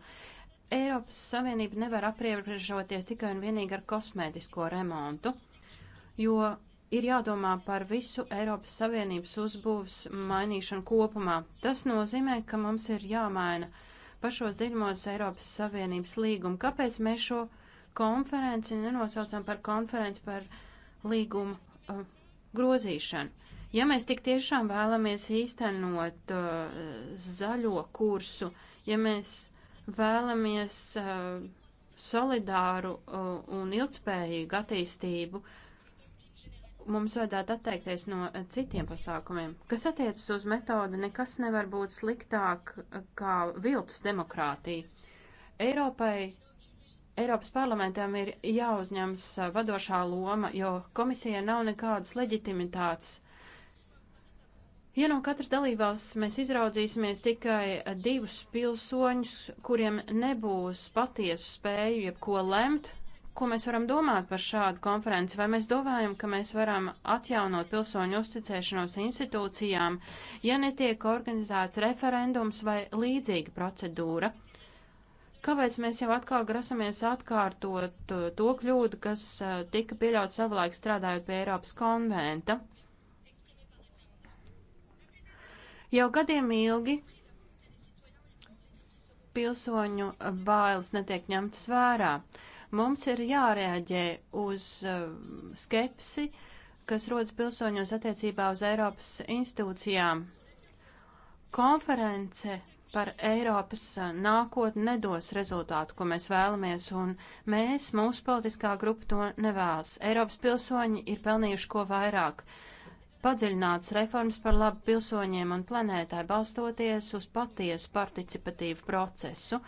Eiropas Savienība nevar apriežoties tikai un vienīgi ar kosmētisko remontu, jo ir jādomā par visu Eiropas Savienības uzbūves mainīšanu kopumā. Tas nozīmē, ka mums ir jāmaina pašos dziļumos Eiropas Savienības līgumu. Kāpēc mēs šo konferenci nenosaucam par konferenci par līgumu uh, grozīšanu? Ja mēs tik tiešām vēlamies īstenot uh, zaļo kursu, ja mēs vēlamies uh, solidāru uh, un ilgspējīgu attīstību, mums vajadzētu atteikties no uh, citiem pasākumiem. Kas attiecas uz metodi, nekas nevar būt sliktāk uh, kā viltus demokrātija. Eiropai Eiropas parlamentam ir jāuzņems uh, vadošā loma, jo komisija nav nekādas leģitimitātes Ja no katras dalībvalsts mēs izraudzīsimies tikai divus pilsoņus, kuriem nebūs patiesu spēju jebko lemt, ko mēs varam domāt par šādu konferenci, vai mēs domājam, ka mēs varam atjaunot pilsoņu uzticēšanos institūcijām, ja netiek organizēts referendums vai līdzīga procedūra. Kāpēc mēs jau atkal grasamies atkārtot to kļūdu, kas eh, tika pieļaut savulaik strādājot pie Eiropas konventa? Jau gadiem ilgi pilsoņu bailes netiek ņemtas vērā. Mums ir jārēģē uz eh, skepsi, kas rodas pilsoņos attiecībā uz Eiropas institūcijām. Konference par Eiropas eh, nākotni nedos rezultātu, ko mēs vēlamies, un mēs, mūsu politiskā grupa, to nevēlas. Eiropas pilsoņi ir pelnījuši ko vairāk. Uh, padziļināts reformas par labu pilsoņiem un planētai, balstoties uz patiesu participatīvu procesu.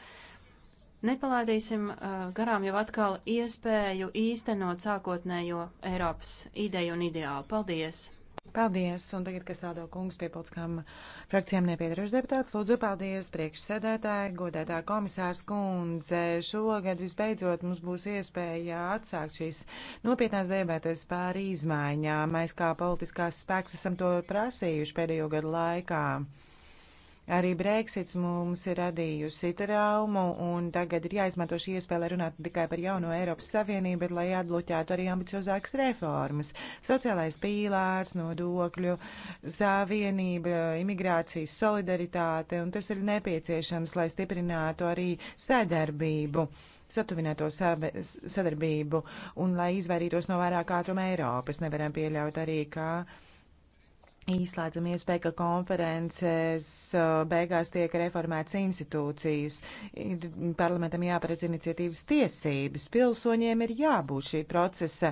Nepalaidīsim uh, garām jau atkal iespēju īstenot sākotnējo Eiropas ideju un ideālu. Paldies! Paldies, un tagad, kas tādo kungs piepildskām frakcijām nepiedarīšu deputātus, lūdzu, paldies, priekšsēdētāji, godētā komisārs kundze. Šogad visbeidzot mums būs iespēja atsākt šīs nopietnās debates pār izmaiņām. Mēs kā politiskās spēks esam to prasījuši pēdējo gadu laikā. Arī Brexits mums ir radījusi traumu, un tagad ir jāizmanto šī iespēja, lai runātu tikai par jauno Eiropas Savienību, bet lai atbloķētu arī ambiciozākas reformas. Sociālais pīlārs, nodokļu savienība, imigrācijas solidaritāte, un tas ir nepieciešams, lai stiprinātu arī sadarbību satuvināto sadarbību un lai izvairītos no vairāk ātruma Eiropas. Nevaram pieļaut arī, ka. Kā Īslēdzam iespēju, ka konferences uh, beigās tiek reformētas institūcijas. Parlamentam jāparedz iniciatīvas tiesības. Pilsoņiem ir jābūt šī procesa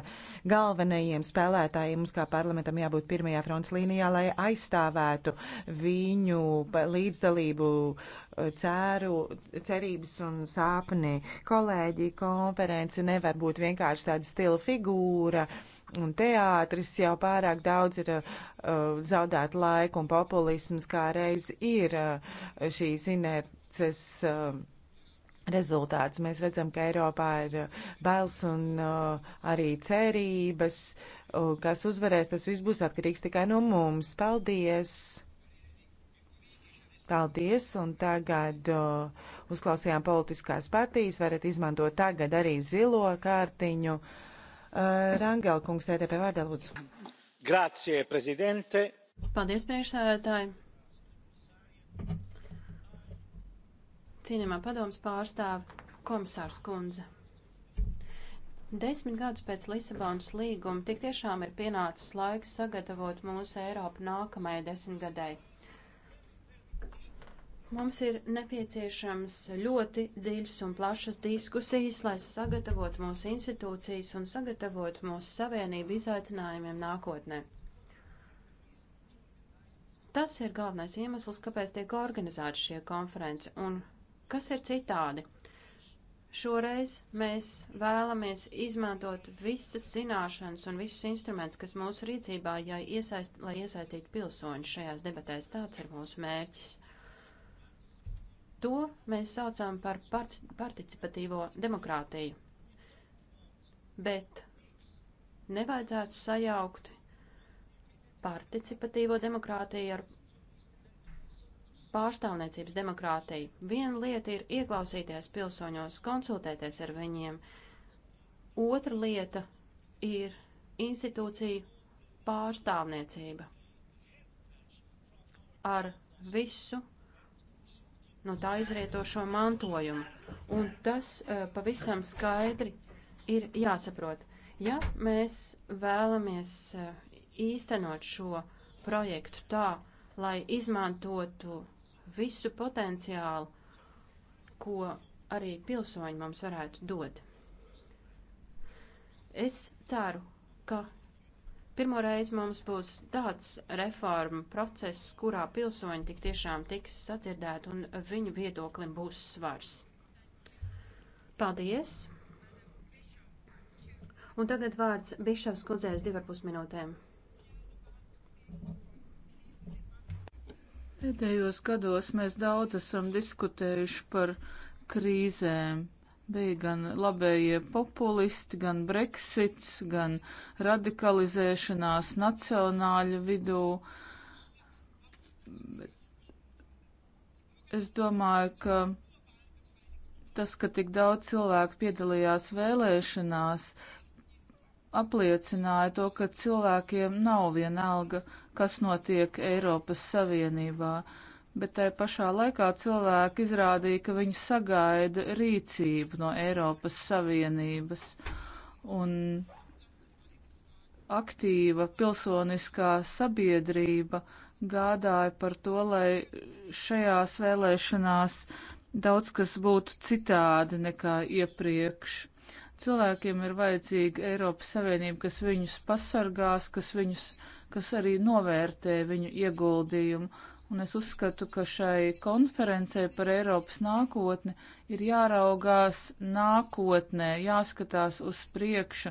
galvenajiem spēlētājiem. Mums kā parlamentam jābūt pirmajā fronts līnijā, lai aizstāvētu viņu līdzdalību uh, ceru, cerības un sāpni. Kolēģi, konference nevar būt vienkārši tāda stila figūra. Uh, un teātris jau pārāk daudz ir uh, zaudēt laiku un populisms kā reiz ir uh, šīs inerces. Uh, Rezultāts. Mēs redzam, ka Eiropā ir uh, bailes un uh, arī cerības, uh, kas uzvarēs, tas viss būs atkarīgs tikai no mums. Paldies! Paldies, un tagad uh, uzklausījām politiskās partijas, varat izmantot tagad arī zilo kārtiņu. Uh, Eh, Rangela kungs, TTP e vārdā lūdzu. Grācie, prezidente. Paldies, priekšsēdētāji. Cienījumā padoms pārstāv komisārs kundze. Desmit gadus pēc Lisabonas līguma tik tiešām ir pienācis laiks sagatavot mūsu Eiropu nākamajai desmitgadēji. Mums ir nepieciešams ļoti dziļas un plašas diskusijas, lai sagatavotu mūsu institūcijas un sagatavotu mūsu savienību izaicinājumiem nākotnē. Tas ir galvenais iemesls, kāpēc tiek organizēta šie konferenci un kas ir citādi. Šoreiz mēs vēlamies izmantot visas zināšanas un visus instrumentus, kas mūsu rīcībā, ja iesaist, lai iesaistītu pilsoņus šajās debatēs. Tāds ir mūsu mērķis. To mēs saucām par participatīvo demokrātiju. Bet nevajadzētu sajaukt participatīvo demokrātiju ar pārstāvniecības demokrātiju. Viena lieta ir ieklausīties pilsoņos, konsultēties ar viņiem. Otra lieta ir institūcija pārstāvniecība ar visu no tā izrietošo mantojumu. Un tas uh, pavisam skaidri ir jāsaprot. Ja mēs vēlamies uh, īstenot šo projektu tā, lai izmantotu visu potenciālu, ko arī pilsoņi mums varētu dot. Es ceru, ka Pirmo reizi mums būs tāds reformu process, kurā pilsoņi tik tiešām tiks sadzirdēti un viņu viedoklim būs svars. Paldies! Un tagad vārds Bišavs kundzēs divarpus minūtēm. Pēdējos gados mēs daudz esam diskutējuši par krīzēm, Bija gan labējie populisti, gan Brexits, gan radikalizēšanās nacionāļu vidū. Bet es domāju, ka tas, ka tik daudz cilvēku piedalījās vēlēšanās, apliecināja to, ka cilvēkiem nav vienalga, kas notiek Eiropas Savienībā bet tai pašā laikā cilvēki izrādīja, ka viņi sagaida rīcību no Eiropas Savienības un aktīva pilsoniskā sabiedrība gādāja par to, lai šajās vēlēšanās daudz kas būtu citādi nekā iepriekš. Cilvēkiem ir vajadzīga Eiropas Savienība, kas viņus pasargās, kas, viņus, kas arī novērtē viņu ieguldījumu Un es uzskatu, ka šai konferencē par Eiropas nākotni ir jāraugās nākotnē, jāskatās uz priekšu,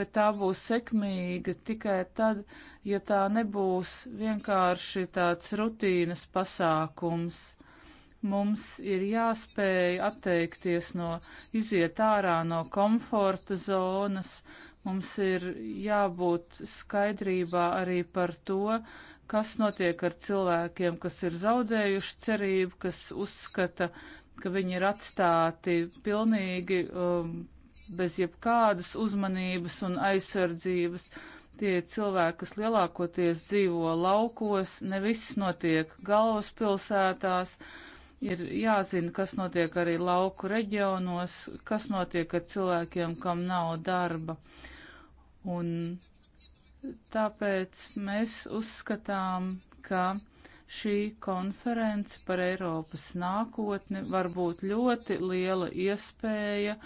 bet tā būs sekmīga tikai tad, ja tā nebūs vienkārši tāds rutīnas pasākums. Mums ir jāspēj atteikties no, iziet ārā no komforta zonas, mums ir jābūt skaidrībā arī par to, kas notiek ar cilvēkiem, kas ir zaudējuši cerību, kas uzskata, ka viņi ir atstāti pilnīgi um, bez jebkādas uzmanības un aizsardzības. Tie cilvēki, kas lielākoties dzīvo laukos, ne viss notiek galvaspilsētās. Ir jāzina, kas notiek arī lauku reģionos, kas notiek ar cilvēkiem, kam nav darba. Un Tāpēc mēs uzskatām, ka šī konference par Eiropas nākotni var būt ļoti liela iespēja.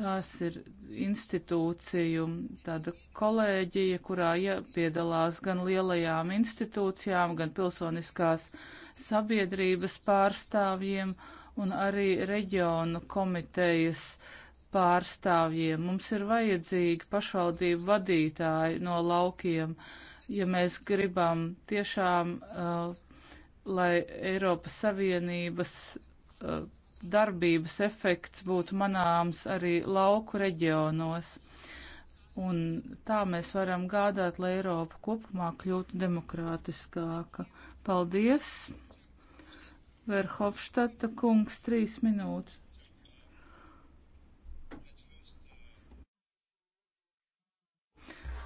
Tās ir institūciju tāda kolēģija, kurā piedalās gan lielajām institūcijām, gan pilsoniskās sabiedrības pārstāvjiem un arī reģionu komitejas uh, pārstāvjiem. Mums ir vajadzīgi pašvaldību vadītāji no laukiem, ja mēs gribam tiešām, uh, lai Eiropas Savienības uh, darbības efekts būtu manāms arī lauku reģionos. Un tā mēs varam gādāt, lai Eiropa kopumā kļūtu demokrātiskāka. Paldies! Verhofstadta kungs, trīs minūtes.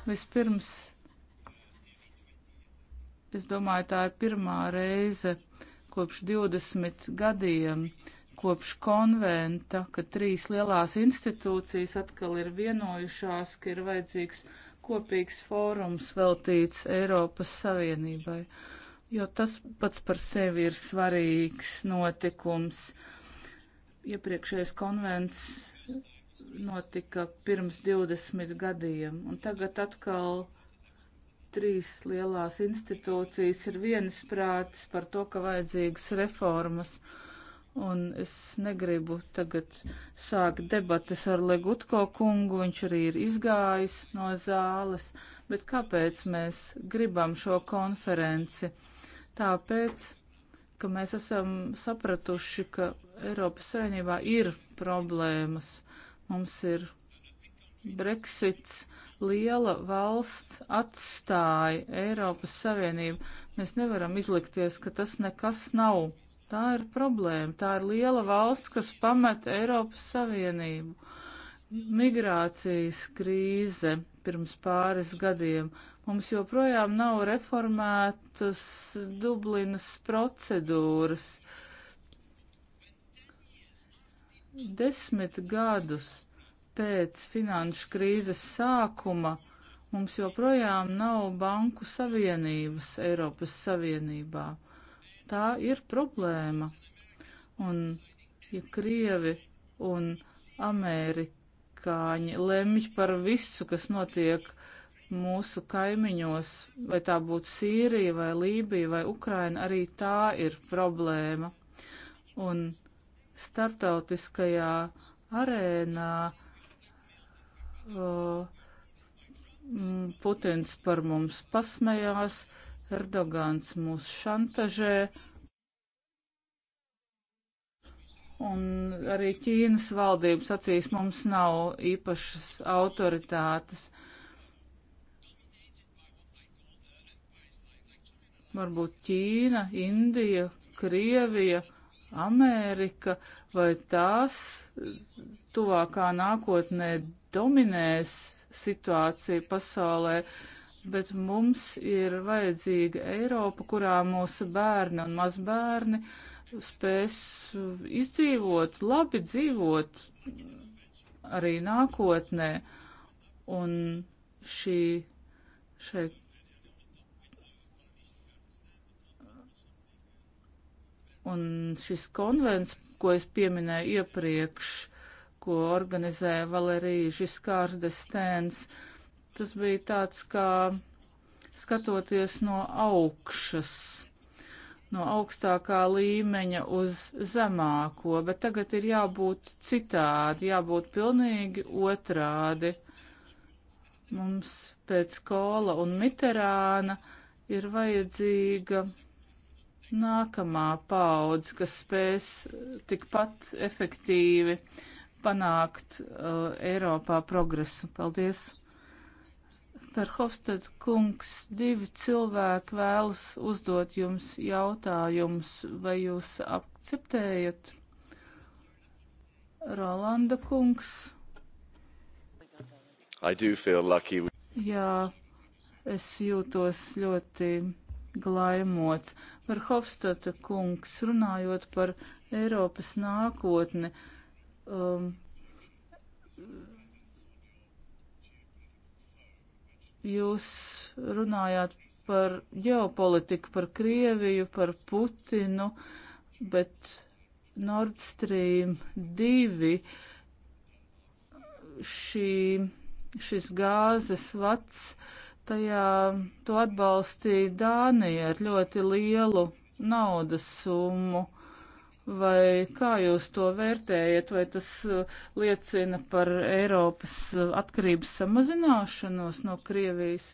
Vispirms, es domāju, tā ir pirmā reize kopš 20 gadiem, kopš konventa, ka trīs lielās institūcijas atkal ir vienojušās, ka ir vajadzīgs kopīgs fórums veltīts Eiropas Savienībai, jo tas pats par sevi ir svarīgs notikums. Iepriekšējais konvents notika pirms 20 gadiem, un tagad atkal trīs lielās institūcijas ir viensprātis par to, ka vajadzīgas reformas. Un es negribu tagad sākt debatas ar Legutko kungu, viņš arī ir izgājis no zāles, bet kāpēc mēs gribam šo konferenci? Tāpēc, ka mēs esam sapratuši, ka Eiropas Savienībā ir problēmas, uh, Mums ir Brexits, liela valsts atstāja Eiropas Savienību. Mēs nevaram izlikties, ka tas nekas nav. Tā ir problēma. Tā ir liela valsts, kas pamet Eiropas Savienību. Migrācijas krīze pirms pāris gadiem. Mums joprojām nav reformētas Dublinas procedūras. Uh, Desmit gadus pēc finanšu krīzes sākuma mums joprojām nav banku savienības Eiropas Savienībā. Tā ir problēma. Un ja Krievi un Amerikāņi lemj par visu, kas notiek mūsu kaimiņos, vai tā būtu Sīrija, vai Lībija, vai Ukraina, arī tā ir problēma. Un starptautiskajā arēnā Putins par mums pasmējās, Erdogans mūs šantažē, un arī Ķīnas valdības acīs mums nav īpašas autoritātes. Varbūt Ķīna, Indija, Krievija Amerika, vai tās tuvākā nākotnē dominēs situāciju pasaulē, bet mums ir vajadzīga Eiropa, kurā mūsu bērni un mazbērni spēs izdzīvot, labi dzīvot arī nākotnē. Un šī, šai Un šis konvents, ko es pieminēju iepriekš, ko organizē Valērija Žiskārs Destēns, tas bija tāds kā skatoties no augšas, no augstākā līmeņa uz zemāko, bet tagad ir jābūt citādi, jābūt pilnīgi otrādi. Mums pēc kola un miterāna ir vajadzīga nākamā paudze, kas spēs tikpat efektīvi panākt uh, Eiropā progresu. Paldies! Perhofstad kungs, divi cilvēki vēlas uzdot jums jautājumus, vai jūs akceptējat? Rolanda kungs. I do feel lucky. Jā, es jūtos ļoti glaimots. Verhofstata kungs, runājot par Eiropas nākotni. Um, jūs runājāt par ģeopolitiku, par Krieviju, par Putinu, bet Nord Stream 2 šī, šis gāzes vats Tajā to atbalstīja Dānija ar ļoti lielu naudas summu. Vai kā jūs to vērtējat, vai tas uh, liecina par Eiropas uh, atkarības samazināšanos no Krievijas?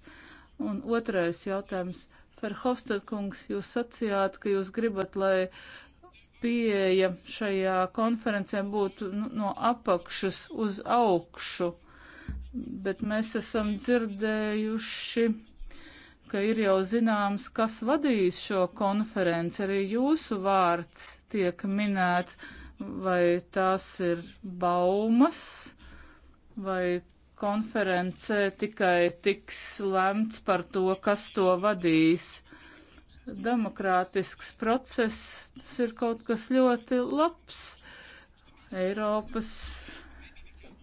Un otrais jautājums. Ferhofstad kungs, jūs sacījāt, ka jūs gribat, lai pieeja šajā konferencē būtu nu, no apakšas uz augšu bet mēs esam dzirdējuši, ka ir jau zināms, kas vadīs šo konferenci. Arī jūsu vārds tiek minēts, vai tās ir baumas, vai konferencē tikai tiks lemts par to, kas to vadīs demokrātisks process, tas ir kaut kas ļoti labs Eiropas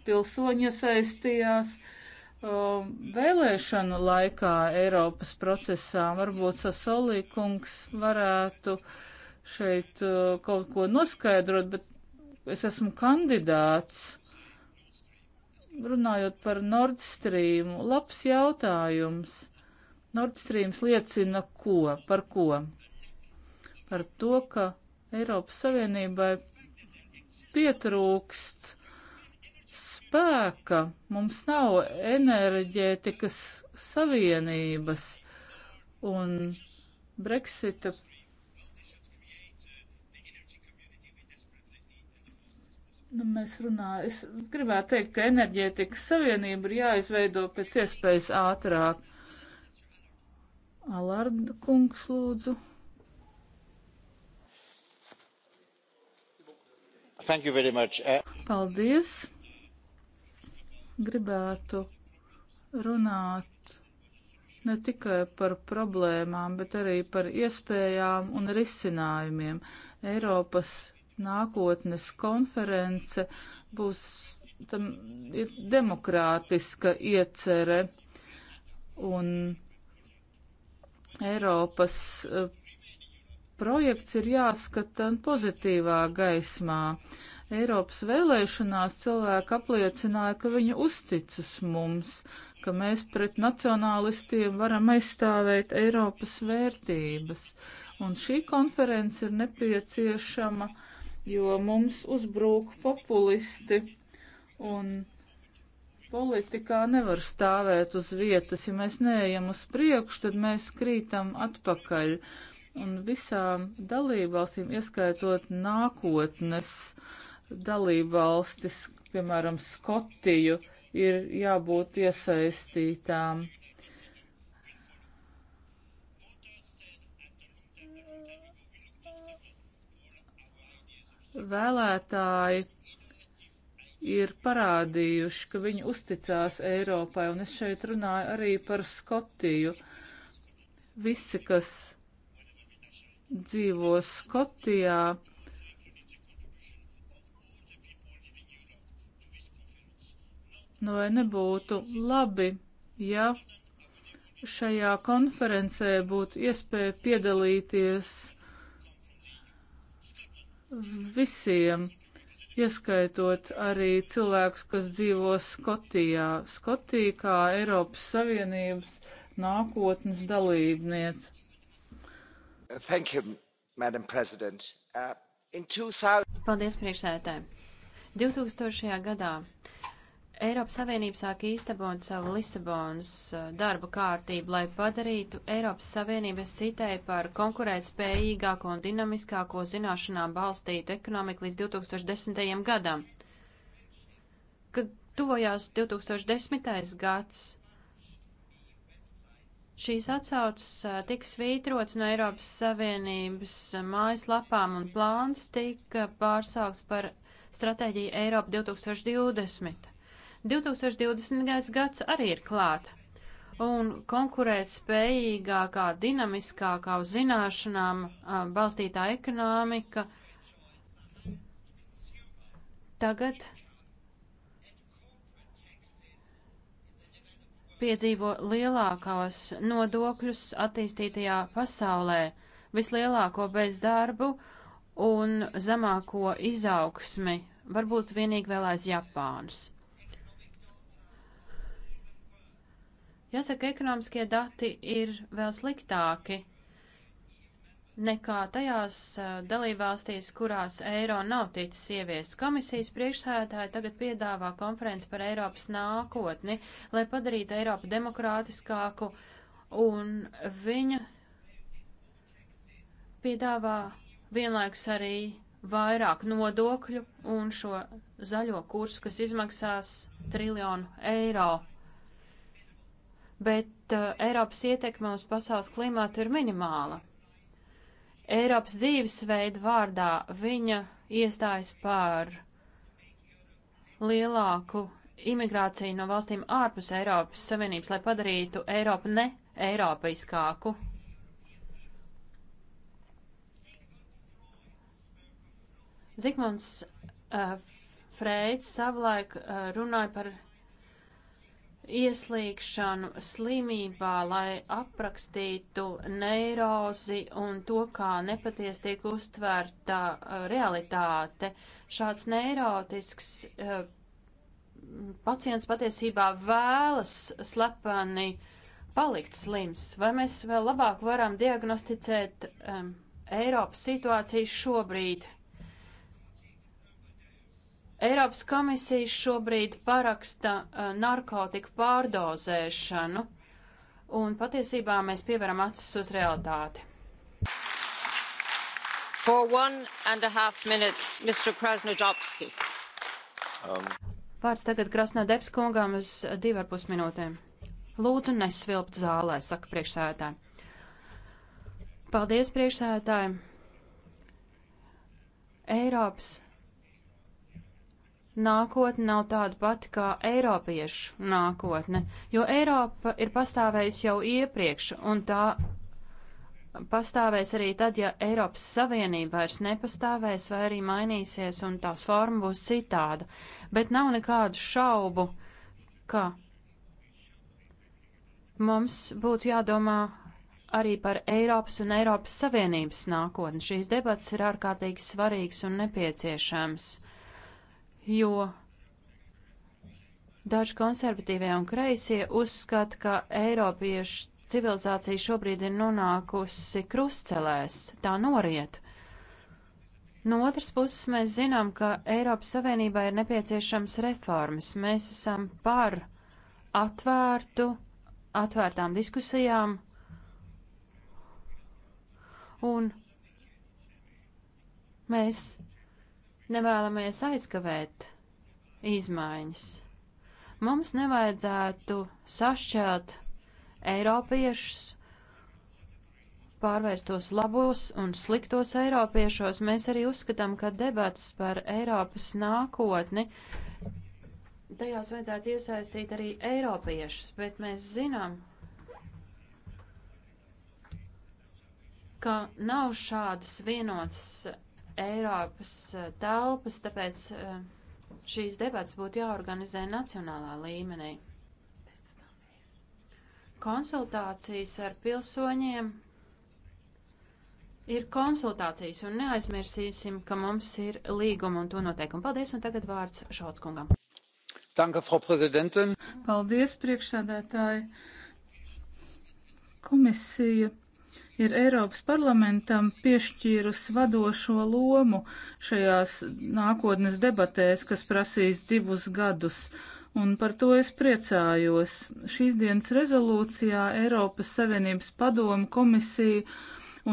pilsoņi iesaistījās um, vēlēšanu laikā Eiropas procesā. Varbūt Sasolīkungs varētu šeit uh, kaut ko noskaidrot, bet es esmu kandidāts. Runājot par Nord Stream, labs jautājums. Nord Streams liecina ko? Par ko? Par to, ka Eiropas Savienībai pietrūkst spēka, mums nav enerģētikas savienības un Brexita. Nu, mēs runājam, es gribētu teikt, ka enerģētikas savienība ir jāizveido pēc iespējas ātrāk. Alarda kungs, lūdzu. Thank you very much. Uh, Paldies gribētu runāt ne tikai par problēmām, bet arī par iespējām un risinājumiem. Eiropas nākotnes konference būs tam ir demokrātiska iecere un Eiropas eh, projekts ir jāskata pozitīvā gaismā. Uh, Eiropas vēlēšanās cilvēki apliecināja, ka viņi uzticas mums, ka mēs pret nacionālistiem varam aizstāvēt Eiropas vērtības. Un šī konference ir nepieciešama, jo mums uzbrūk populisti un politikā nevar stāvēt uz vietas. Ja mēs neejam uz priekšu, tad mēs krītam atpakaļ. Un visām dalībvalstīm, ieskaitot nākotnes dalību valstis, piemēram, Skotiju, ir jābūt iesaistītām. Vēlētāji ir parādījuši, ka viņi uzticās Eiropai, un es šeit runāju arī par Skotiju. Visi, kas dzīvo Skotijā, Nu, vai nebūtu labi, ja šajā konferencē būtu iespēja piedalīties visiem, ieskaitot arī cilvēkus, kas dzīvo Skotijā. Skotija kā Eiropas Savienības nākotnes dalībniece. Thank you, Madam President. Uh, 2000... Paldies, priekšsēdētāji. 2000. gadā Eiropas Savienība sāk īstenot savu Lisabonas uh, darba kārtību, lai padarītu Eiropas Savienības citēju par konkurētspējīgāko un dinamiskāko zināšanām balstītu ekonomiku līdz 2010. gadam. Kad tuvojās 2010. gads, šīs atsaucas uh, tika svītrots no Eiropas Savienības uh, mājaslapām un plāns tika pārsaukts par stratēģiju Eiropa 2020. 2020. gads arī ir klāt, un konkurēt spējīgākā, dinamiskākā uz zināšanām balstītā ekonomika tagad piedzīvo lielākos nodokļus attīstītajā pasaulē, vislielāko bezdarbu un zemāko izaugsmi, varbūt vienīgi vēl aiz Japānas. Jāsaka, ekonomiskie dati ir vēl sliktāki nekā tajās dalībvalstīs, kurās eiro nav ticis ieviests. Komisijas priekšsēdētāji tagad piedāvā konferenci par Eiropas nākotni, lai padarītu Eiropu demokrātiskāku, un viņa piedāvā vienlaiks arī vairāk nodokļu un šo zaļo kursu, kas izmaksās triljonu eiro bet uh, Eiropas ietekme uz pasaules klimātu ir minimāla. Eiropas dzīvesveida vārdā viņa iestājas par lielāku imigrāciju no valstīm ārpus Eiropas Savienības, lai padarītu Eiropu ne Eiropaiskāku. Zigmunds uh, Freids savulaik uh, runāja par ieslīgšanu slimībā, lai aprakstītu neirozi un to, kā nepaties tiek uztvērta uh, realitāte. Šāds neirotisks uh, pacients patiesībā vēlas slepeni palikt slims. Vai mēs vēl labāk varam diagnosticēt um, Eiropas situāciju šobrīd? Eiropas komisija šobrīd paraksta uh, narkotiku pārdozēšanu, un patiesībā mēs pievēram acis uz realitāti. Minutes, um. Vārds tagad Krasnodebs kungām uz divu ar pus minūtēm. Lūdzu, nesvilpt zālē, saka priekšsēdētāji. Paldies, priekšsēdētāji. Eiropas nākotne nav tāda pati kā Eiropiešu nākotne, jo Eiropa ir pastāvējusi jau iepriekš, un tā pastāvēs arī tad, ja Eiropas Savienība vairs nepastāvēs vai arī mainīsies, un tās forma būs citāda. Bet nav nekādu šaubu, ka mums būtu jādomā arī par Eiropas un Eiropas Savienības nākotni. Šīs debats ir ārkārtīgi svarīgs un nepieciešams jo daži konservatīvie un kreisie uzskata, ka Eiropiešu civilizācija šobrīd ir nonākusi krustcelēs, tā noriet. No otras puses, mēs zinām, ka Eiropas Savienībā ir nepieciešams reformas. Mēs esam par atvērtu, atvērtām diskusijām un mēs Nevēlamies aizkavēt izmaiņas. Mums nevajadzētu sašķelt Eiropiešus, pārvērst tos labos un sliktos Eiropiešos. Mēs arī uzskatām, ka debats par Eiropas nākotni tajās vajadzētu iesaistīt arī Eiropiešus, bet mēs zinām, ka nav šādas vienotas Eiropas eh, telpas, tāpēc eh, šīs debats būtu jāorganizē nacionālā līmenī. Konsultācijas ar pilsoņiem ir konsultācijas, un neaizmirsīsim, ka mums ir līguma un to noteikumu. Paldies, un tagad vārds Šautskungam. Danke, Frau Präsidentin. Paldies, priekšsēdētāji. Komisija ir Eiropas parlamentam piešķīrusi vadošo lomu šajās nākotnes debatēs, kas prasīs divus gadus. Un par to es priecājos. Šīs dienas rezolūcijā Eiropas Savienības padomu komisija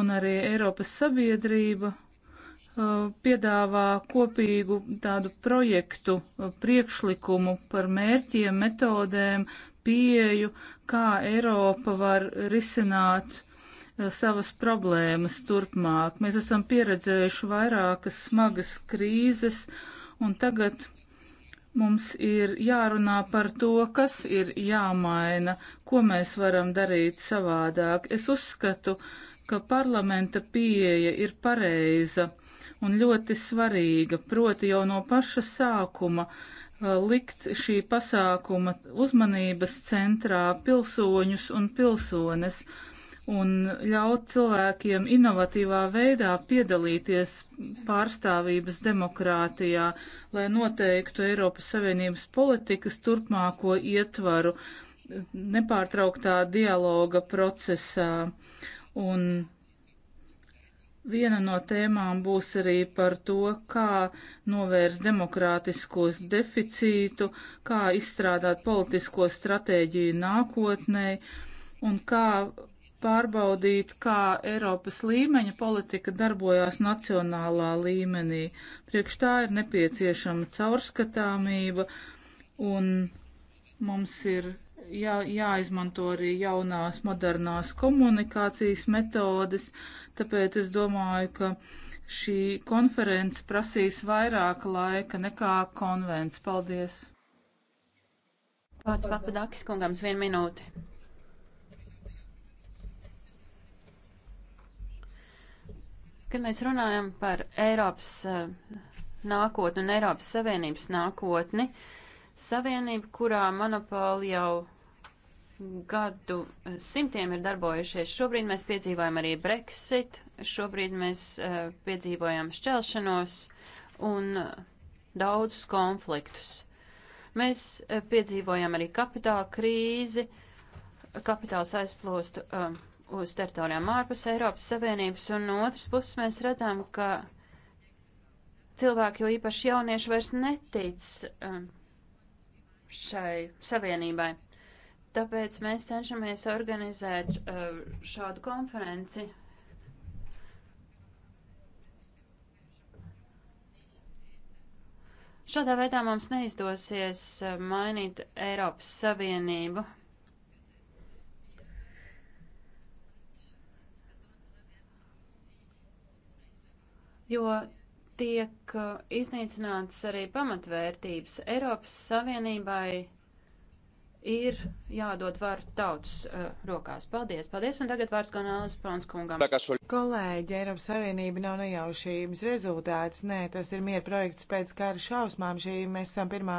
un arī Eiropas sabiedrība uh, piedāvā kopīgu tādu projektu, uh, priekšlikumu par mērķiem, metodēm, pieeju, kā Eiropa var risināt Eh, savas problēmas turpmāk. Mēs esam pieredzējuši vairākas smagas krīzes, un tagad mums ir jārunā par to, kas ir jāmaina, ko mēs varam darīt savādāk. Es uzskatu, ka parlamenta pieeja ir pareiza un ļoti svarīga, proti jau no paša sākuma eh, likt šī pasākuma uzmanības centrā pilsoņus un pilsones un ļaut cilvēkiem inovatīvā veidā piedalīties pārstāvības demokrātijā, lai noteiktu Eiropas Savienības politikas turpmāko ietvaru nepārtrauktā dialoga procesā. Un Viena no tēmām būs arī par to, kā novērst demokrātiskos deficītu, kā izstrādāt politisko stratēģiju nākotnē un kā pārbaudīt, kā Eiropas līmeņa politika darbojās nacionālā līmenī. Priekš tā ir nepieciešama caurskatāmība un mums ir jā, jāizmanto arī jaunās modernās komunikācijas metodes, tāpēc es domāju, ka šī konference prasīs vairāk laika nekā konvents. Paldies! Vārds papadākis kungams vienu minūti. Kad mēs runājam par Eiropas eh, nākotni un Eiropas Savienības nākotni, Savienība, kurā monopoli jau gadu eh, simtiem ir darbojušies, šobrīd mēs piedzīvojam arī Brexit, šobrīd mēs eh, piedzīvojam šķelšanos un daudzus konfliktus. Mēs piedzīvojam arī kapitāla krīzi, kapitāls aizplūst. Um, uz teritorijām ārpus Eiropas Savienības, un no otras puses mēs redzam, ka cilvēki, jo īpaši jaunieši, vairs netic um, šai savienībai. Tāpēc mēs cenšamies organizēt uh, šādu konferenci. Šādā veidā mums neizdosies uh, mainīt Eiropas Savienību, jo tiek uh, iznīcināts arī pamatvērtības. Eiropas Savienībai ir jādod varu tautas uh, rokās. Paldies, paldies, un tagad vārds kanālis Prons kungam. Kolēģi, Eiropas Savienība nav nejaušības rezultāts, nē, tas ir miera projekts pēc kara šausmām. Šī mēs esam pirmā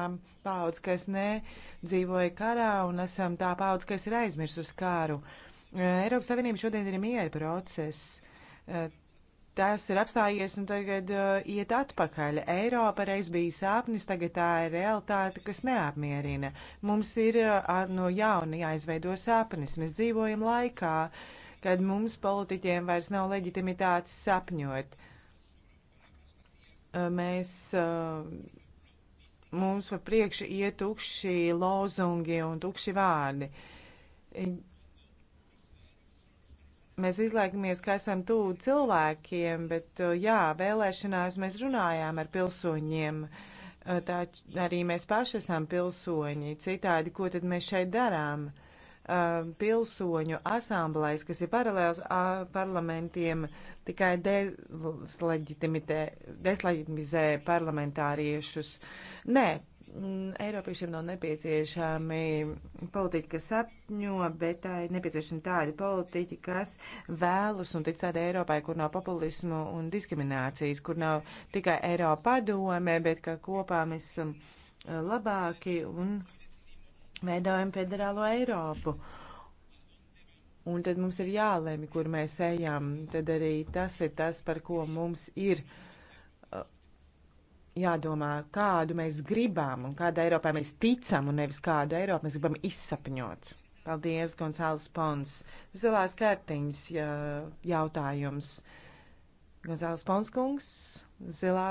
paudze, kas nedzīvoja karā, un esam tā paudze, kas ir aizmirsus kāru. Uh, Eiropas Savienība šodien ir miera process. Uh, tas ir apstājies un tagad uh, iet atpakaļ. Eiropa reiz bija sāpnis, tagad tā ir realitāte, kas neapmierina. Mums ir uh, no jauna jāizveido sāpnis. Mēs dzīvojam laikā, kad mums politiķiem vairs nav leģitimitātes sapņot. Uh, mēs. Uh, Mums pa priekšu iet tukši lozungi un tukši vārdi mēs izliekamies, ka esam tuvu cilvēkiem, bet uh, jā, vēlēšanās mēs runājām ar pilsoņiem. Uh, tā arī mēs paši esam pilsoņi. Citādi, ko tad mēs šeit darām? Uh, pilsoņu asamblēs, kas ir paralēls parlamentiem, tikai desleģitimizē parlamentāriešus. Nē, Mm, Eiropiešiem nav nepieciešami politiķi, kas apņo, bet tā ir nepieciešami tādi politiķi, kas vēlas un tic tādai Eiropai, kur nav populismu un diskriminācijas, kur nav tikai Eiropa padome, bet ka kopā mēs esam eh, labāki un veidojam federālo Eiropu. Un tad mums ir jālēmi, kur mēs ejam. Tad arī tas ir tas, par ko mums ir. Uh, jādomā, kādu mēs gribam un kāda Eiropā mēs ticam un nevis kādu Eiropu mēs gribam izsapņot. Paldies, Gonzāles Pons. Zilās kartiņas jā, jautājums. Gonzāles Pons kungs, zilā